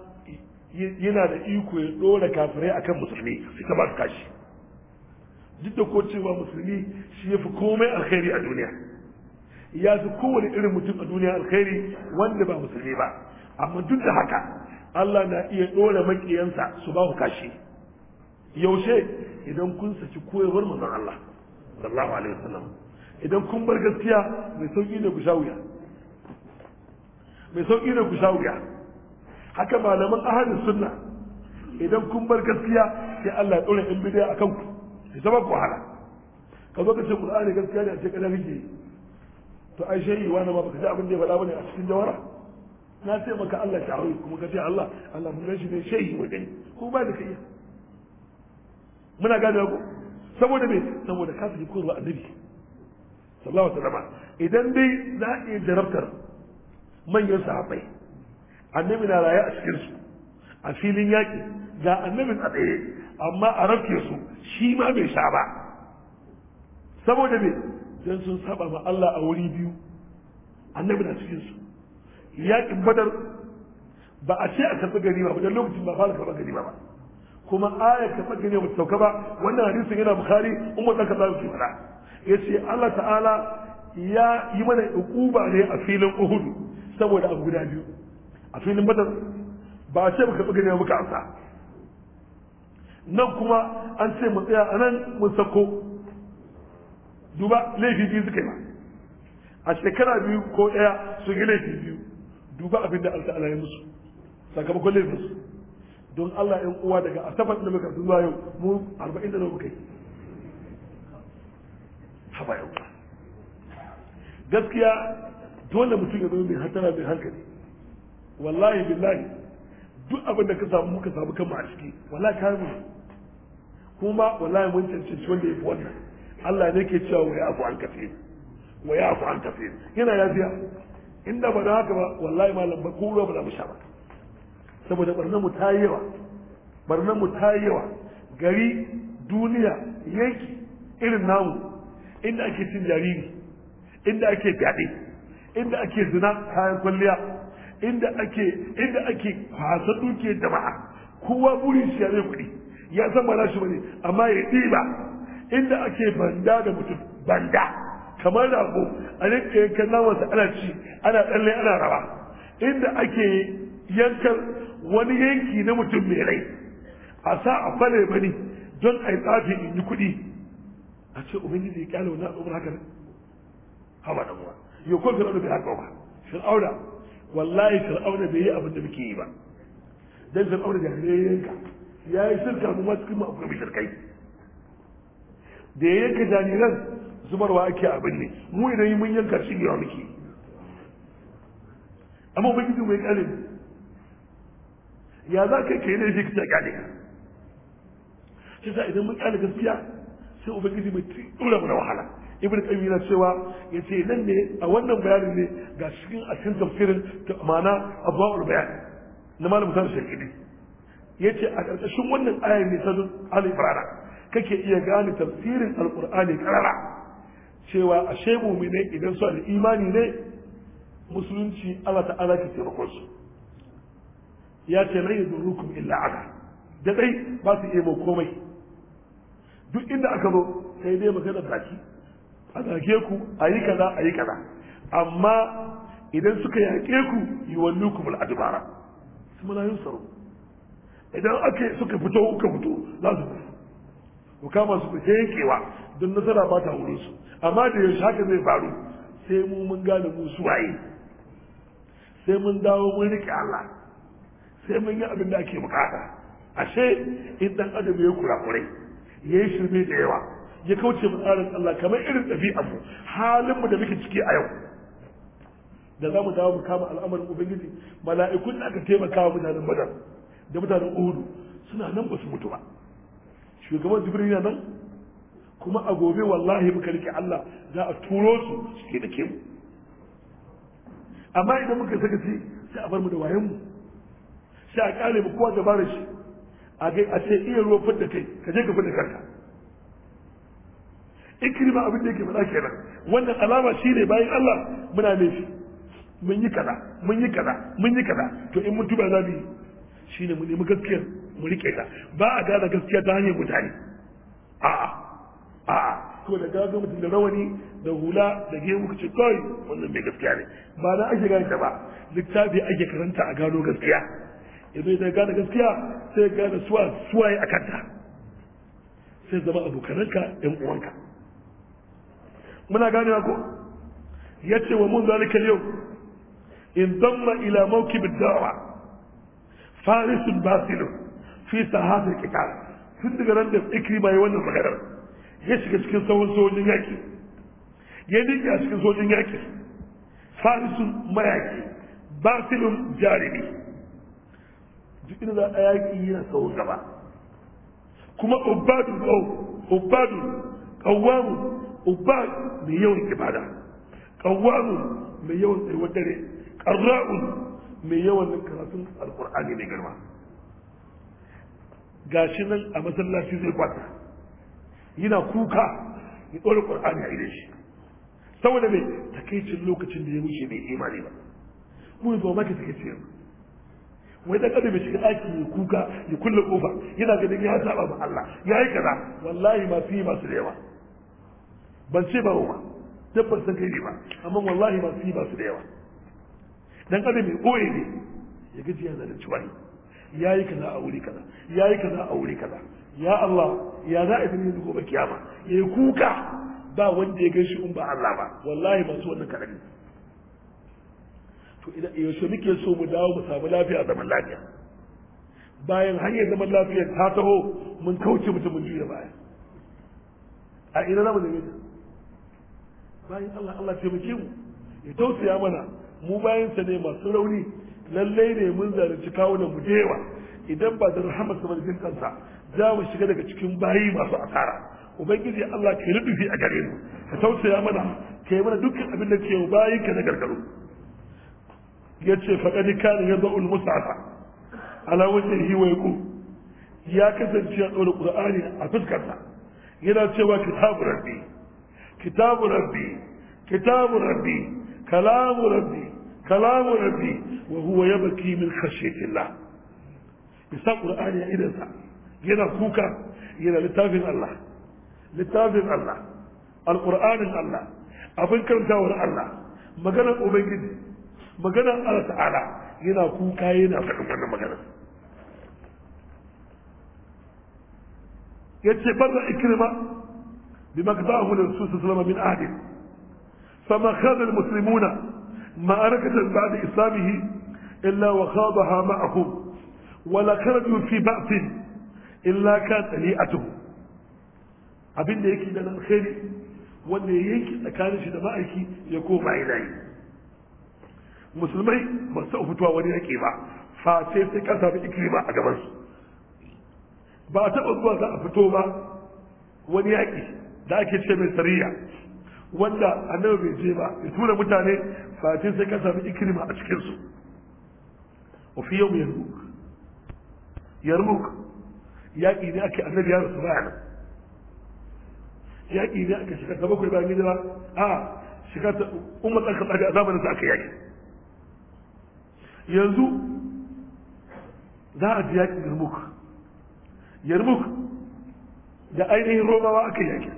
yana da iko ya dora kafirai akan musulmi su ta ba su kashi duk da ko cewa musulmi shi ya fi komai alkhairi a duniya ya fi kowane irin mutum a duniya alkhairi wanda ba musulmi ba amma duk da haka Allah na iya ɗora maƙiyansa su ba ku kashi yaushe idan kun saki koyarwar manzon Allah sallallahu alaihi wasallam idan kun bar gaskiya mai sauki ne ku sha wuya mai sauki ne ku sha wuya haka malaman ahadin sunna idan kun bar gaskiya sai Allah ya ɗora in bidiya akan ku sai ta ku wahala ka zo ka ce Qur'ani gaskiya ne a ce kana kake to ai shehi wani ba ka ji abin da ya faɗa bane a cikin jawara na sai maka Allah ta kuma ka ce Allah Allah mun gashi ne shehi wa gani ko ba da kai muna gane ku saboda me saboda ka saki ko annabi sallallahu alaihi wasallam idan dai za a iya jarabtar manyan sahabbai annabi na raye a cikin su a filin yaki ga annabin a tsaye amma a rafke su shi ma bai sha ba saboda me dan sun saba ma Allah a wuri biyu annabi na cikin su yakin badar ba a ce a karɓi gari ba wajen lokacin ba fara karɓar gari ba kuma aya kafa gari ba sauka ba wannan hadisin yana bukari umar ɗan kaza ke faɗa ya ce allah ta'ala ya yi mana ukuba ne a filin uhudu saboda abu guda biyu a filin badar ba a ce kafa gari ba muka amsa nan kuma an ce mu tsaya a nan mun sako duba laifi biyu suka yi ba a shekara biyu ko ɗaya su yi laifi biyu duba abin da Allah ta'ala ya musu sakamakon laifin su don Allah ɗan uwa daga asabar da muka duba yau mu 40 da muka yi haba yau gaskiya dole mutum ya zama mai hatara mai hankali wallahi billahi duk abin da ka samu muka samu kanmu a ciki wallahi ka mu kuma wallahi mun cancanci wanda ya fi wannan Allah ne ke cewa wa ya afu an kafin wa ya afu an kafin yana yafiya inda ba da haka ba wallahi malam ba ko ruwa ba za mu sha ba saboda barnar mu ta yawa mu ta yawa gari duniya yanki irin namu inda ake cin jariri inda ake fyaɗe inda ake zina kayan kwalliya inda ake inda ake kwasa dukiyar jama'a kowa buri shi ya zai kuɗi ya san ba za shi bane amma ya ɗiba inda ake banda da mutum banda kamar da ku a rinka yankan namansa ana ci ana tsalle ana rawa inda ake yankan wani yanki na mutum mai rai a sa a fare mani don a yi tsafi in yi kuɗi a ce umarni zai kyale wani al'ummar haka hawa da kuma yau ko fir'auna bai haka ba fir'auna wallahi fir'auna bai yi abin da muke yi ba don fir'auna da yanka ya yi shirka mu ma cikin mu akwai shirkai da ya yanka jariran zubarwa ake abin ne mu idan mun yanka shi ne wa muke amma ubangiji mai kalin ya za ka kai ne shi ka kyale shi sa idan mun kyale gaskiya sai ubangiji mai dora mu da wahala ibn qayyim yana cewa yace nan ne a wannan bayanin ne ga cikin a cikin tafsirin amana abwaul bayan na malamin tafsir ya yace a karkashin wannan ayar ne ta Ali Ibrahim kake iya gane tafsirin alqur'ani karara cewa ashe ne idan su da imani ne musulunci Allah ta'ala ke taimakon su ya ce lai yadurrukum illa aka da dai ba su iya komai duk inda aka zo sai dai magana baki a zage ku a yi kaza a yi kaza amma idan suka yaƙe ku yi wa nukun al'adubara su mana yin tsaro idan aka suka fito kuka fito za su fito ku kama su ku yankewa don nasara ba ta wurin su amma da yaushe haka zai faru sai mu mun gane mu suwaye sai mun dawo mun rike Allah sai mun yi abin da ake bukata ashe in dan adam ya kurakurai ya yi shirme da yawa ya kauce mu tsarin Allah kamar irin ɗabi'ar mu halin mu da muke ciki a yau da za mu dawo mu kama al'amarin ubangiji mala'ikun da aka taimaka wa mutanen badar da mutanen uhudu suna nan ba su mutu ba shugaban jibril yana nan kuma a gobe wallahi muka rike Allah za a turo su suke da mu amma idan muka saka ci sai a bar mu da wayan mu sai a kare mu kowa dabarar shi a ga a ce iya ruwa fadda kai ka je ka fadda kanka ikrima abin da yake faɗa kenan wannan alama shine bayan Allah muna laifi mun yi kaza mun yi kaza mun yi kaza to in mun tuba shine mun yi mu nemi mu rike ta ba a gane gaskiya ta hanyar mutane a'a a'a to da gaga mutum da rawani da hula da gemu kace kai wannan bai gaskiya ne ba na ake gane ta ba littafi ake karanta a gano gaskiya yanzu idan gane gaskiya sai gane suwa suwaye a kanta sai zama abokananka yan uwanka muna ganewa ko ce wa mun zalika yau in damma ila mawkib ad-da'wa faris basil fi sahat al-qital tun daga ran da ikri bai wannan magana ya shiga cikin sauran sojin yaƙi ya dinga a cikin sojin yaƙi farisun mayaƙi basilun jarumi duk inda za a yaƙi a sauran gaba kuma ko ubadun ƙawamun ubad mai yawan ibada ƙawamun mai yawan tsayuwar dare ƙarra'un mai yawan karatun alƙur'ani mai girma shi nan a masallaci zai kwata yana kuka ya ɗora ƙur'ani a idan shi saboda mai takaicin lokacin da ya wuce bai imani ba mu yi zuwa maka ka takaici wai da kada bai shiga ɗaki ya kuka ya kulle ƙofa yana ganin ya saba ma Allah ya yi kaza wallahi ma fi masu da yawa ban ce ba ma tabbar san kai ne ba amma wallahi ma fi masu da yawa dan kada mai ɓoye ne ya gaji yana da ciwari ya yi kaza a wuri kaza ya yi kaza a wuri kaza ya Allah ya za a tuni gobe kiyama ya yi kuka ba wanda ya gaishe in ba Allah ba wallahi masu wannan kaɗan ne to idan yaushe muke so mu dawo mu samu lafiya zaman lafiya bayan hanyar zaman lafiya ta taho mun kauce mutum mun juya baya a ina za mu zame ta bayan Allah Allah taimake mu ya tausaya mana mu bayan sa ne masu rauni lallai ne mun zarci kawunan mu da yawa idan ba da rahamar sa ba da kansa za mu shiga daga cikin bayi masu asara ubangiji Allah ke rubuce a gare mu ka tausaya mana ka yi mana dukkan abin da ke bayin ka na gargaro yace faqad ya zo al-mus'afa ala wajhihi wa ya kasance a dora qur'ani a fuskarsa yana cewa kitabu rabbi kitabu rabbi kitabu rabbi kalamu rabbi kalamu rabbi wa huwa yabki min khashyatillah bisa qur'ani a idansa جينا الكوكا جينا لتافين الله لتافين الله القرآن الله أبن كرم داور الله مغانا أبن جدي مغانا الله تعالى جينا كوكا جينا فكرم كرم مغانا يتشي برا إكرمة بمقضاه للرسول صلى الله عليه وسلم من أهله فما خاد المسلمون ما أركت بعد إسلامه إلا وخاضها معهم ولا خرجوا في بأس illa ka tsali a tuhu abin da yake da nan khairi wanda ya yanki tsakanin shi da ma'aiki ya koma ina musulmai ba su fitowa wani yake ba fa sai sai bi samu ikrima a gaban su ba a taɓa zuwa za a fito ba wani yaƙi da ake ce mai sariya wanda annabi bai je ba ya tura mutane fa sai ka sami ikirma a cikinsu wa fi yau yarmuk yarmuk yaƙi ne ake annabi ya rasu baya nan yaƙi ne aka shiga ta bakwai bayan hijira a shiga ta umar ɗan kaɗa a zamanin sa aka yaƙi yanzu za a ji yaƙin yarmuk yarmuk da ainihin romawa aka yaƙi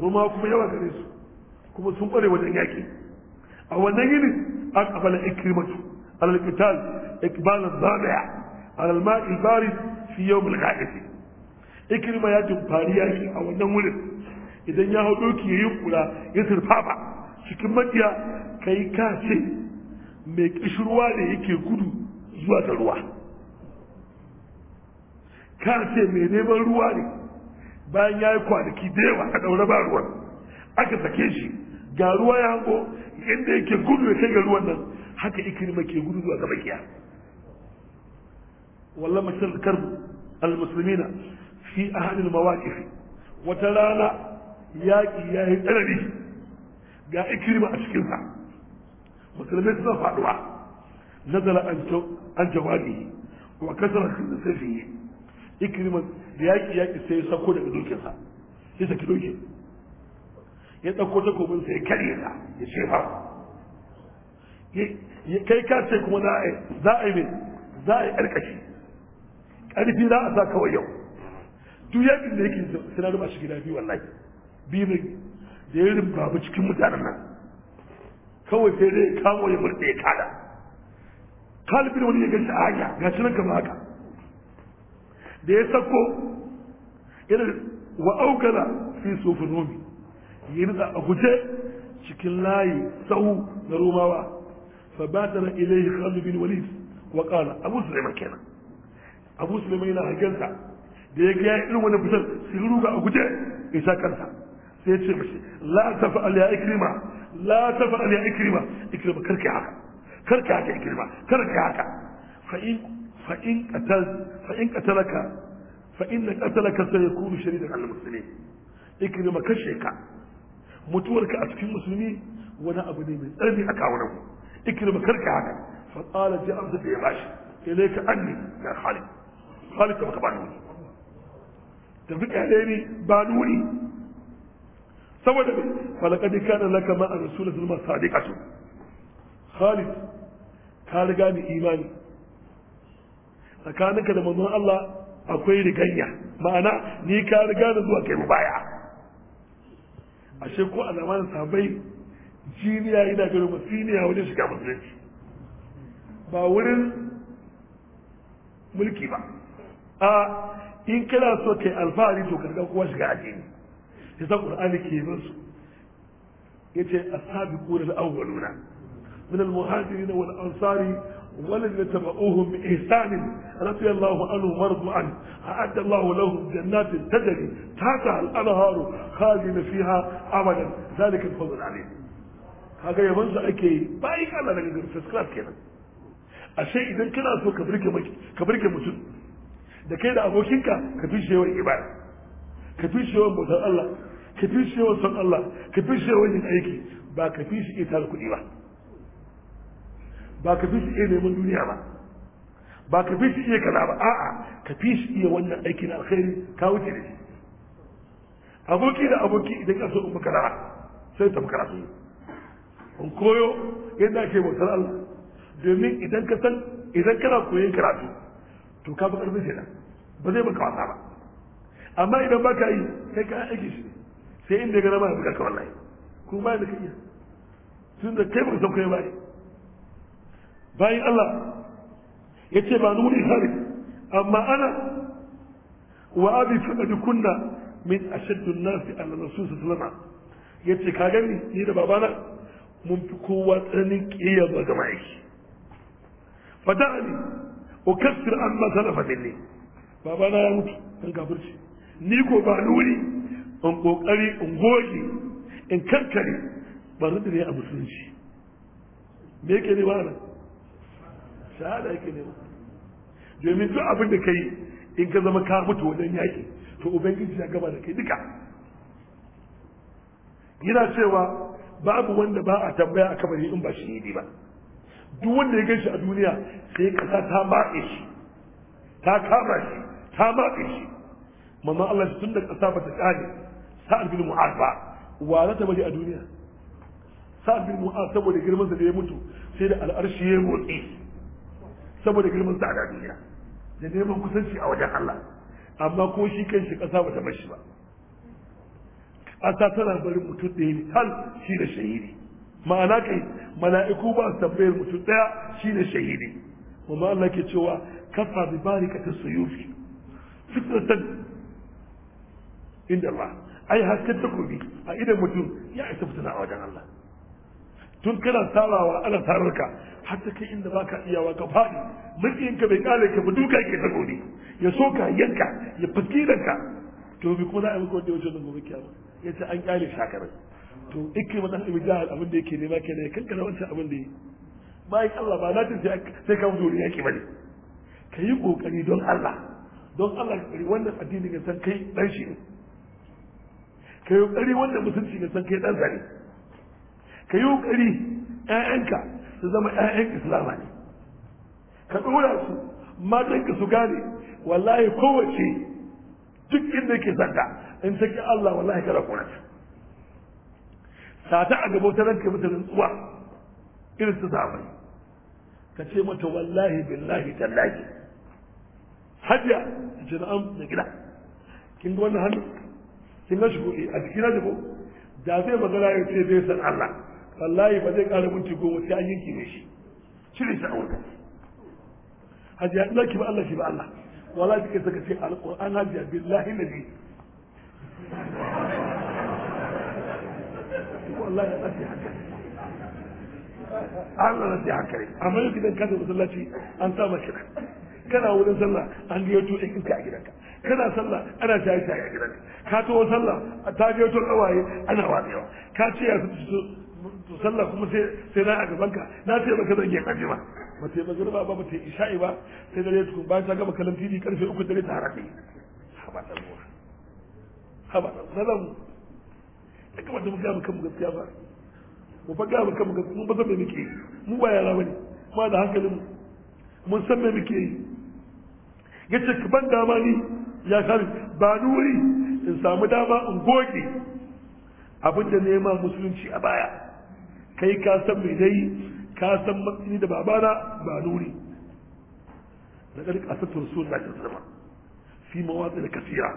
romawa kuma yawa gare su kuma sun ƙware wajen yaƙi a wannan yini an ƙafala ikrimatu alal qital ikbalan zamaya alal ma'il fi yawmul ghaibi ikirma ya ya yaki a wannan wurin idan ya hau doki ya yi kula ya surfafa cikin matiya kai yi kace mai kishirwa da yake gudu zuwa ta ruwa kace mai neman ruwa ne bayan ya yi kwanaki da yawa a ɗaura ba ruwan aka sake shi ga ruwa ya hango inda yake gudu ya kai ruwan nan haka ikirma ke gudu zuwa ga makiya walla mashar karbu almusulmina fi a hannun mawaƙifi wata rana yaƙi ya yi tsanani ga ikirma a cikinsa musulmai suna faɗuwa nazara an jawabi wa kasar sai ikirma da yaƙi yaƙi sai ya sako daga dokinsa ya saki dokin ya ɗauko takobin sai ya karye ta ya shefa kai ka ce kuma za a yi za a yi za a yi ƙarƙashi ƙarfi za a sa kawai yau duk yakin da yake suna ruba shi gida biyu wallahi biyu mai da ya yi babu cikin mutanen nan kawai sai dai kamo ya murɗe ya kada kalibin wani ya gashi a hanya ga shi nan kama haka da ya sako irin wa augala fi nomi ya nutsa a guje cikin layi sau na romawa fa ba ta na ilai khalid bin wa qala abu zai abu sulaiman yana hangensa da ya ga irin wani fitar sai ruga a guje ya sha kansa sai ya ce mashi la tafa'al ya ikrima la tafa'al ya ikrima ikrima karki haka karki haka ikrima karki haka fa in fa in qatal fa in qatalaka fa in qatalaka sayakunu sharidan al muslimin ikrima kashe ka mutuwarka a cikin musulmi wani abu ne mai tsarni a kawo ku ikrima karki haka fa qala ja'a da ya bashi ilayka anni ya khalid Khalid ka ba nuni tafi kyale ni ba nuni saboda me falakadi kana laka ma rasulullah sallallahu alaihi sadiqatu Khalid ka riga ni imani tsakaninka da manzon Allah akwai riganya ma'ana ni ka riga da zuwa kai baya ashe ko a zamanin sahabbai jiniya yana gari ba siniya wajen shiga musulunci ba wurin mulki ba a in kana so ke alfahari to karɗa kuwa shiga a jini ya san ƙur'ani ke yi su ya ce a sabi ƙunar awwaluna min al-muhajiri na wani ansari wani da taɓa ohun mai ihsani rafi Allah wa anu marzu an a adda Allah wa lahu ta tajari ta ta al'anharu kaji na fi ha abadan zalika fadl alim kaga yaban su ake yi bai kana daga first class kenan ashe idan kana so ka burke ka burke mutum da kai da abokinka ka fi wa ibada ka fi wa bautar Allah ka fi wa son Allah ka fi wa yin aiki ba ka fi shi ita kuɗi ba ba ka fi shi iya neman duniya ba ba ka fi shi iya kaza ba a'a ka fi shi iya wannan aikin alkhairi ka wuce da shi aboki da aboki idan ka so in maka da'a sai ta maka rasu in koyo yadda ake bautar Allah domin idan ka san idan kana koyon karatu to ka fi ƙarfin shi ba zai baka wasa ba amma idan baka yi sai ka aiki shi sai inda ya gana ba ya ka wallahi ko ba ya da iya tun da kai ba san kai bai bayan Allah ya ce ba nuni hari amma ana wa abi faqad kunna min ashaddu an-nas ala rasul sallallahu alaihi wasallam yace ka gani ni da babana mun fi kowa tsananin ba ga mai fada'ani ukassir an ma salafa minni baba na ya mutu kan kafirci ni ko ba nuri in kokari in goge in karkare ba rudu ne a musulunci me yake ne ba shahada yake ne domin duk abin da kai in ka zama ka mutu wajen yaki to ubangiji ya gaba da kai duka yana cewa babu wanda ba a tambaya a kabari in ba shi ne ba duk wanda ya gaishe a duniya sai kasa ta matse shi ta kama shi ta matse shi manzon Allah tun da kasa ba ta kare sa'ad bin mu'az ba wa za ta bari a duniya sa'ad bin mu'az saboda girman sa da ya mutu sai da al'arshi ya motsi saboda girman sa a duniya da neman kusanci a wajen Allah amma ko shi kanshi kasa ba ta bar shi ba ƙasa tana barin mutum ya yi tal shi da shahidi ma'ana kai mala'iku ba su tambayar mutum daya shine shahidi kuma Allah ke cewa kafa bi ta suyufi fitratan inda Allah ai hasken takobi a idan mutum ya isa fitina a wajen Allah tun kana tarawa ana tararka har ta kai inda baka iyawa ka faɗi ka bai kare ka ba duka ke ta gobe ya soka yanka ya faskiranka to bi kuma za a yi maka wajen wajen gobe kiyama ya ce an kyale shakarai to ma dan abi jahal abin da yake nema kenan kan kana wancan abin da yake bayan Allah ba na tafi sai ka zo yaki bane ka yi kokari don Allah don Allah kai wannan addini ga san kai dan shi kai ka yi kokari wanda musulunci ga san kai dan sa kai ka yi kokari ƴaƴanka su zama ƴaƴan islama ne ka dora su ka su gane wallahi kowace duk inda ke zanta in take Allah wallahi kada kunata ta ta a gaba ta ranka mata rantsuwa irin ta zafai ka ce mata wallahi billahi tallahi hajiya ta ce na'am da gida kin ga wannan hannu kin ga shigo eh, a jikina shigo da zai magana ya ce zai san Allah wallahi ba zai ƙara minti goma sai an yanke mai shi cire sa'o da hajiya ina ki ba Allah ki ba Allah wallahi kike saka ce alquran hajiya billahi ladhi Allah ya tsafi haka Allah na sai haka ne amma yau gidan ka da masallaci an sa maka kana wurin sallah an biyo to in ka a gidanka kana sallah ana shaye shaye a gidanka ka to sallah ta biyo to kawaye ana watsewa ka ce ya to sallah kuma sai sai na a gabanka na ce maka zan yi kajima ba ta yi magariba ba ba ta yi isha'i ba sai dare tukun bayan ta gama kalan tv karfe uku dare ta harafi haba ɗan uwa haba ɗan ya kamata mu gaba kanmu gaskiya ba mu fa gaba kanmu gaskiya mu ba san me muke yi mu ba yara bane ma da hankalin mun san me muke yi yace ki ban dama ni ya kare ba nuri in samu dama in goge abin da nema musulunci a baya kai ka san me dai ka san matsini da babana ba nuri da ƙarƙa a tattara sunan da ake zama fi mawaƙi da kasira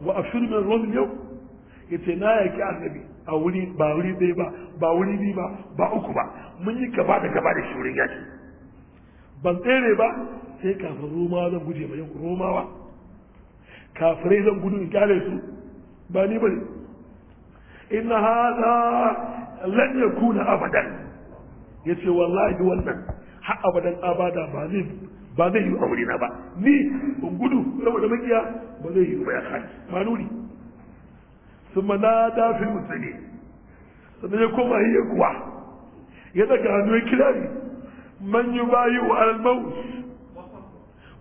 wa a firmin romin yau yace na yaki annabi a wuri ba wuri ɗaya ba ba wuri biyu ba ba uku ba mun yi gaba da gaba da shi wurin yaki ban tsere ba sai kafin romawa zan guje mai romawa kafirai zan gudu in kyale su ba ni bane inna hada lan yakuna abadan yace wallahi wannan ha abadan abada ba zai ba zai yi wuri na ba ni gudu saboda makiya ba zai yi ba ya kai ba nuni suma na dafi المسلمين sannan ya koma yi kuwa ya daga hannu ya kira ni man yi wa almaus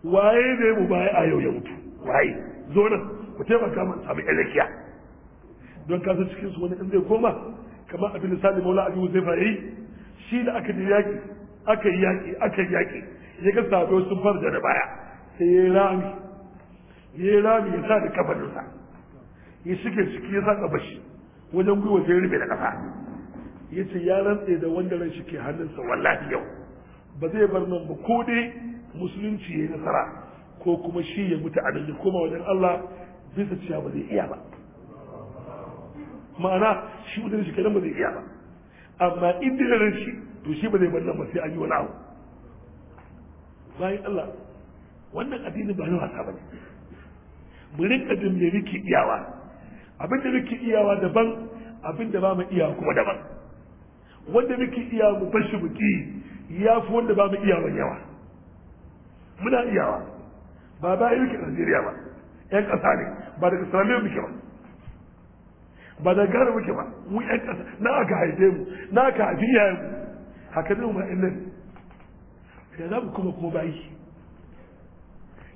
waye ne mu baya a yau ya mutu waye zo nan ku taimaka mun samu elekiya don ka san cikin su wani inda ya koma kamar abin da sani maula abin wuzai fara yi shi da aka ji yaki aka yi yaki aka yi yaki ya ga sabo sun farja da baya sai ya yi rami ya yi rami ya sa da nusa yi suke ciki ya saka bashi wajen gwiwa sai rufe da ƙasa ya ce ya rantse da wanda ran shi ke hannunsa wallahi yau ba zai bar nan ba ko dai musulunci ya yi nasara ko kuma shi ya mutu a nan ya koma wajen Allah bisa cewa ba zai iya ba ma'ana shi mutum shi kenan ba zai iya ba amma idilarin shi to shi ba zai bar nan ba sai an yi wani abu bayan Allah wannan addini ba na wasa ba ne mu rinka jin riki iyawa abin da muke iyawa daban abin da ba mu iya kuma daban wanda muke iya mu bashi mu ki ya fi wanda ba mu iya wa yawa muna iyawa ba ba yi muke Najeriya ba yan ƙasa ne ba daga Islamiyya muke ba ba da gara muke ba mu yan ƙasa na aka haife mu na aka haifi iyayen mu haka mu umar illan ya za mu kuma kuma bayi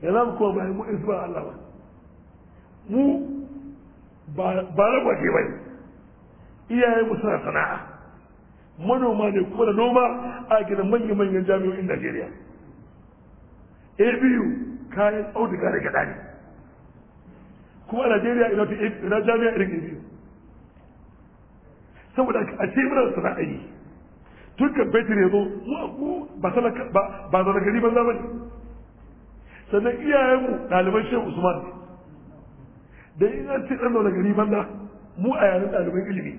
ya za mu kuma bayi mu isba Allah ba mu ba raba ce ne. iyayen mu suna sana'a manoma ne kuma da noma a gina manya-manyan jami'o'in Najeriya ABU kayan auduga da gada ne kuma a Najeriya ina jami'a irin ABU saboda a ce da sana'a yi tun kan betir ya zo ba zalagari ba zama ne sannan iyayenmu ɗaliban shehu usman ne da in an ce dan zaune gari banda mu a yaren ɗaliban ilimi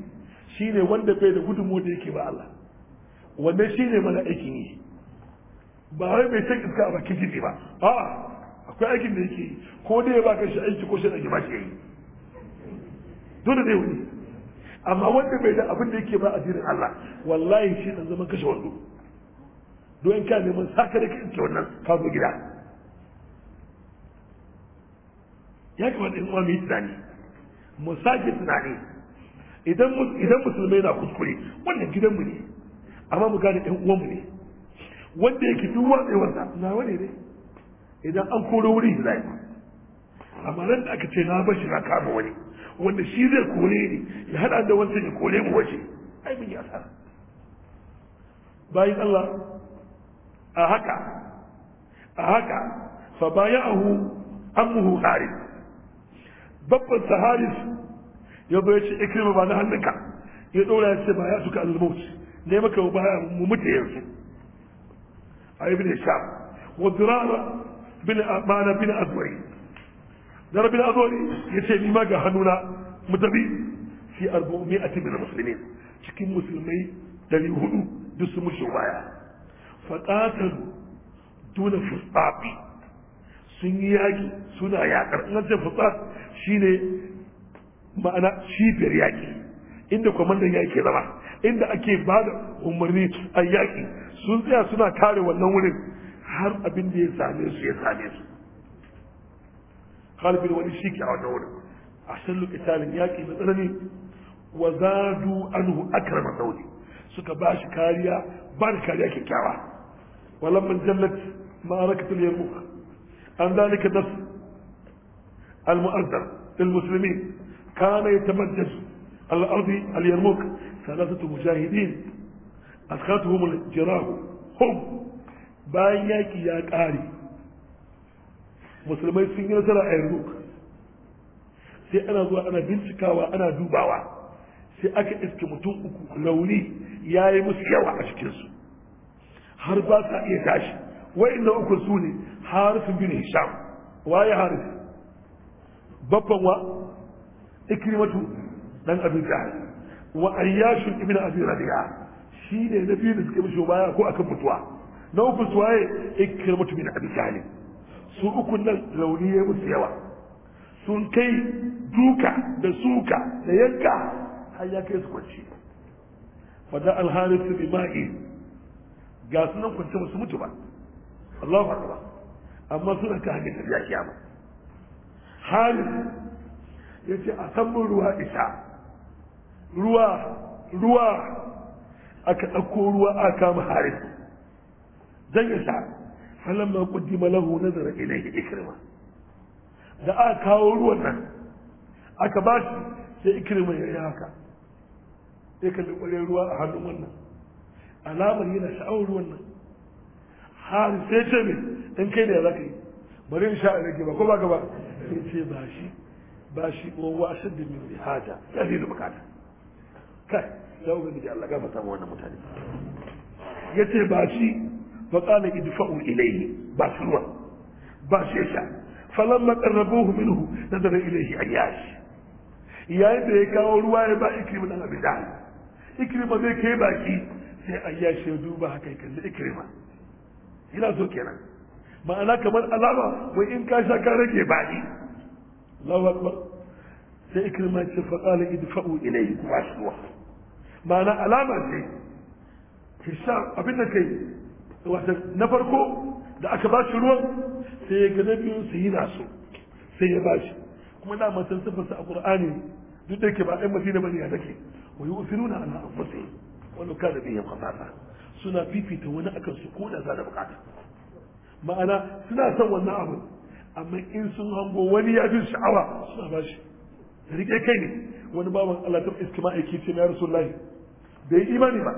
shine wanda bai da gudunmu da yake ba Allah shi shine mana aikin yi ba wai bai san iska a bakin jiki ba a akwai aikin da yake ko dai ya baka shi aiki ko shi da ba shi yayi dole ne wani amma wanda bai da abin da yake ba a jirin Allah wallahi shi ɗan zama kashe wando don ka neman saka da ka wannan ka zo gida ya kamata in uwa mu yi tunani mu sake tunani idan idan musulmai na kuskure wannan gidanmu ne amma mu gane ɗan uwanmu ne wanda yake duk watsewarsa na wani ne idan an koro wuri zai amma nan da aka ce na bashi na kama wani wanda shi zai kore ni ya hada da wancan ya kore mu waje ai mun yi asara bayan Allah a haka a haka fa bayahu muhu harith babban saharis ya bai ce ikrima ba na hannunka ya dora ya ce ba ya suka almut ne maka ba ya mu mutu yanzu a ibn sham wa dirara bin amana bin azwai dara bin azwai ya ce ni ma ga hannuna mu tafi fi a min muslimin cikin musulmai dari hudu duk su mushi baya faqatalu duna fusabi sun yi yaƙi suna yaƙar in ce fusat shine ma'ana cibiyar yaƙi inda kwamandan yaƙi zama inda ake ba da umarni a yaƙi sun tsaya suna kare wannan wurin har abin da ya same su ya same su halibin wani shi ke a wannan wurin a san lokacin yaƙi na tsanani wa zadu anhu akrama saudi suka ba shi kariya ba da kariya kyakkyawa walamman jallat ma'arakatul yarmuk an zalika nas المؤردر للمسلمين كان يتمجد على أرض اليرموك ثلاثة مجاهدين أسخاتهم الجراح هم بايك يا قاري musulmai sun yi nasara a sai ana zuwa ana bincikawa ana dubawa sai aka iske mutum uku rauni ya yi musu yawa a cikinsu har ba sa iya tashi wa'in na uku su ne harisun bin hisham waye harisun babban wa ikrimatu dan abin jahal wa ayyashun ibn abi rabi'a shine na biyu da suke mishi baya ko akan mutuwa na uku suwaye ikrimatu ibn abi jahal su uku nan rauni ya musu yawa sun kai duka da suka da yanka har ya kai su kwanci fada alharisu bi ma'i ga sunan kwanci musu mutu ba Allahu akbar amma suna ka hanyar tafiya kiyama halin ya ce a samun ruwa isa ruwa ruwa aka ɗauko ruwa a kama harin zan yi sa halin ma kuddima lahu nazara ilaihi ikirma da aka kawo ruwan nan aka ba shi sai ikirma ya yi haka sai ka ƙwarin ruwa a hannun wannan alamar yana sha'awar ruwan nan har sai ce mai in kai da ya zaka yi bari in sha a rage ba ko ba ka ba sai ce ba shi ba shi ko washin da min hada ya fi bukata kai ya wuga gidi Allah gafarta samu wannan mutane ya ce ba shi fa qala idfa'u ilayhi ba shi ruwa ba shi sha falamma qarrabuhu minhu nadara ilayhi ayyash yayin da ya kawo ruwa ya ba ikrima dan abidan ikrima zai kai baki sai ayyash ya duba haka da ikrima ina so kenan ma'ana kamar alama wai in ka sha ka rage baki Allahu akbar sai ikrima ce fa qala idfa'u ilayhi ba shi ma'ana alama ce sha abin da kai wata na farko da aka ba shi ruwan sai ya ga na biyun su yi nasu sai ya ba shi kuma da matan sifarsa a qur'ani duk da ke ba ɗan madina bane ya take wa yu'thiruna ala anfusihim wani law kana biyan khasasa suna fifita wani akan su ko da za da bukata ma'ana suna son wannan abu amma in sun hango wani ya fi sha'awa suna ba shi da rike kai ne wani baban Allah ta iskima aiki ce na rasulullahi bai imani ba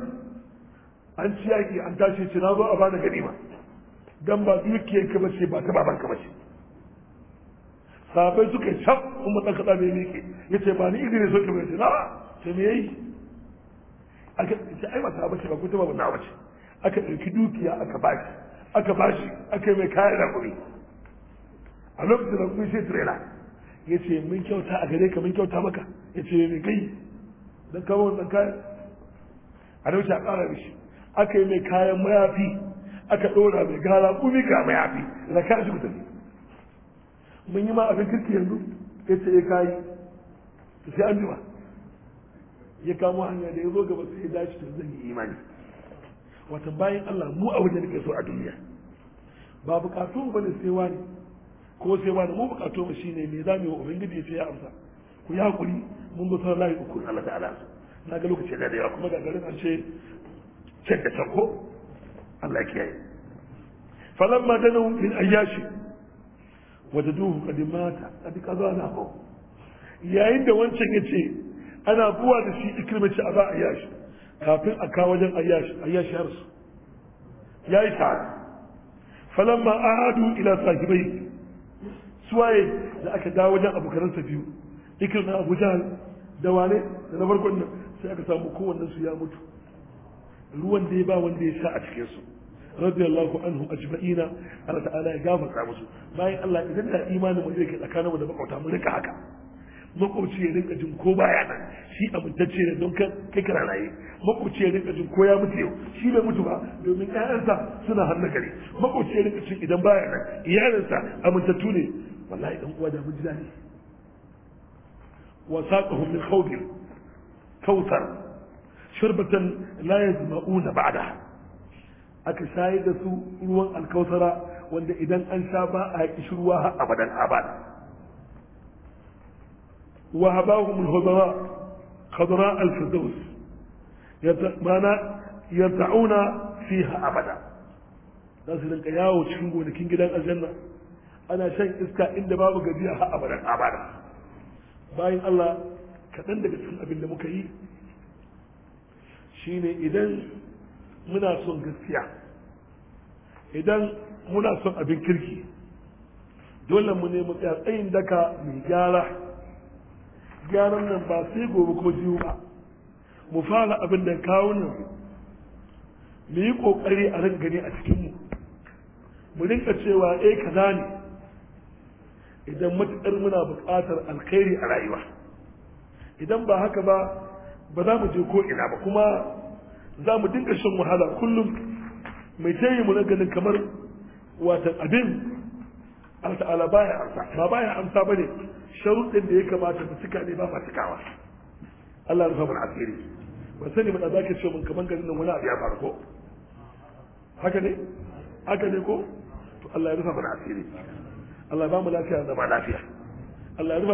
an ci yaƙi an tashi ce na zo a bada gani ba dan ba dukiyar ka bace ba ta baban ka bace sabai suka shaf kuma matan kada bai miƙe ce ba ni izini so ka bace na sai me yi aka ce ai ba ta bace ba ko ta babu na bace aka ɗauki dukiya aka bashi aka bashi aka mai kayan kuɗi. a lokacin da kuma sai trailer ya ce mun kyauta a gare ka mun kyauta maka ya ce mai kai don kama wannan kayan a dauce a da shi aka yi mai kayan mayafi aka ɗora mai gara kumi ga mayafi da kayan shi mutane mun yi ma abin kirki yanzu ya ce ya eh, kayi sai an jima ya kamo hanya da ya zo gaba sai ya dace tun zan yi imani wata bayan Allah mu a wajen da ke so a duniya ba bukatun bane sai wani ko sai da mu bukato mu shine me za mu yi wa ubangiji ya ce ya amsa ku yi hakuri mun bi sauran layi uku Allah ta'ala na ga lokaci da yawa kuma ga garin an ce cek da tanko Allah ya kiyaye falamma danu min ayyashi duhu qad mata qad na ko yayin da wancan yace ana buwa da shi ikirmace a ba ayyashi kafin a kawo wajen ayyashi ayyashi har su yayi ta falamma ahadu ila sahibai suwaye da aka dawo wajen abokanansa biyu ikir na abu jahal da wane da na farkon nan sai aka samu kowanne su ya mutu ruwan da ya ba wanda ya sa a cikin su radiyallahu anhu ajma'ina Allah ta'ala ya gafarta musu bayan Allah idan da imanin mu zai tsakanin tsakaninmu da makauta mu rika haka makwabci ya rinka jin ko baya nan shi amintacce ne don kai kana raye makwabci ya rinka jin ko ya mutu yau shi bai mutu ba domin ƴaƴansa suna hannu gari makwabci ya rinka jin idan baya nan iyalinsa amintattu ne ضلائلهم وبجدانهم وساقهم من خوض كوثر شربة لا يظمؤون بعدها أكسايدة روان الكوثر وان إذن أنسابا أكشروها أبدا أبدا وهباهم الهضراء خضراء الفردوس يتعون يرتع... فيها أبدا لازل انك ياهو تشنقو انك انجدان الجنة ana shan iska inda babu gajiya har abadan abada bayan Allah kaɗan daga cikin abin da muka yi shine idan muna son gaskiya idan muna son abin kirki dole mu nemi tsayin daka mai gyara gyaran nan ba sai gobe ko jiwu ba mu fara abin da kawo nan mu yi ƙoƙari a ran gani a cikinmu mu rinka cewa eh kaza ne idan matuƙar muna buƙatar alkhairi a rayuwa idan ba haka ba ba za mu je ko ina ba kuma za mu dinga shan wahala kullum mai tayi mu na ganin kamar watan abin Allah baya amsa ba baya amsa ba ne, sharuɗin da ya kamata su cika ne ba ma cikawa Allah ya rufa asiri ba sani mun zaka ce mun kaman ganin wani abu ya faru ko haka ne haka ne ko to Allah ya rufa asiri Allah ba mu lafiya da ba lafiya Allah ya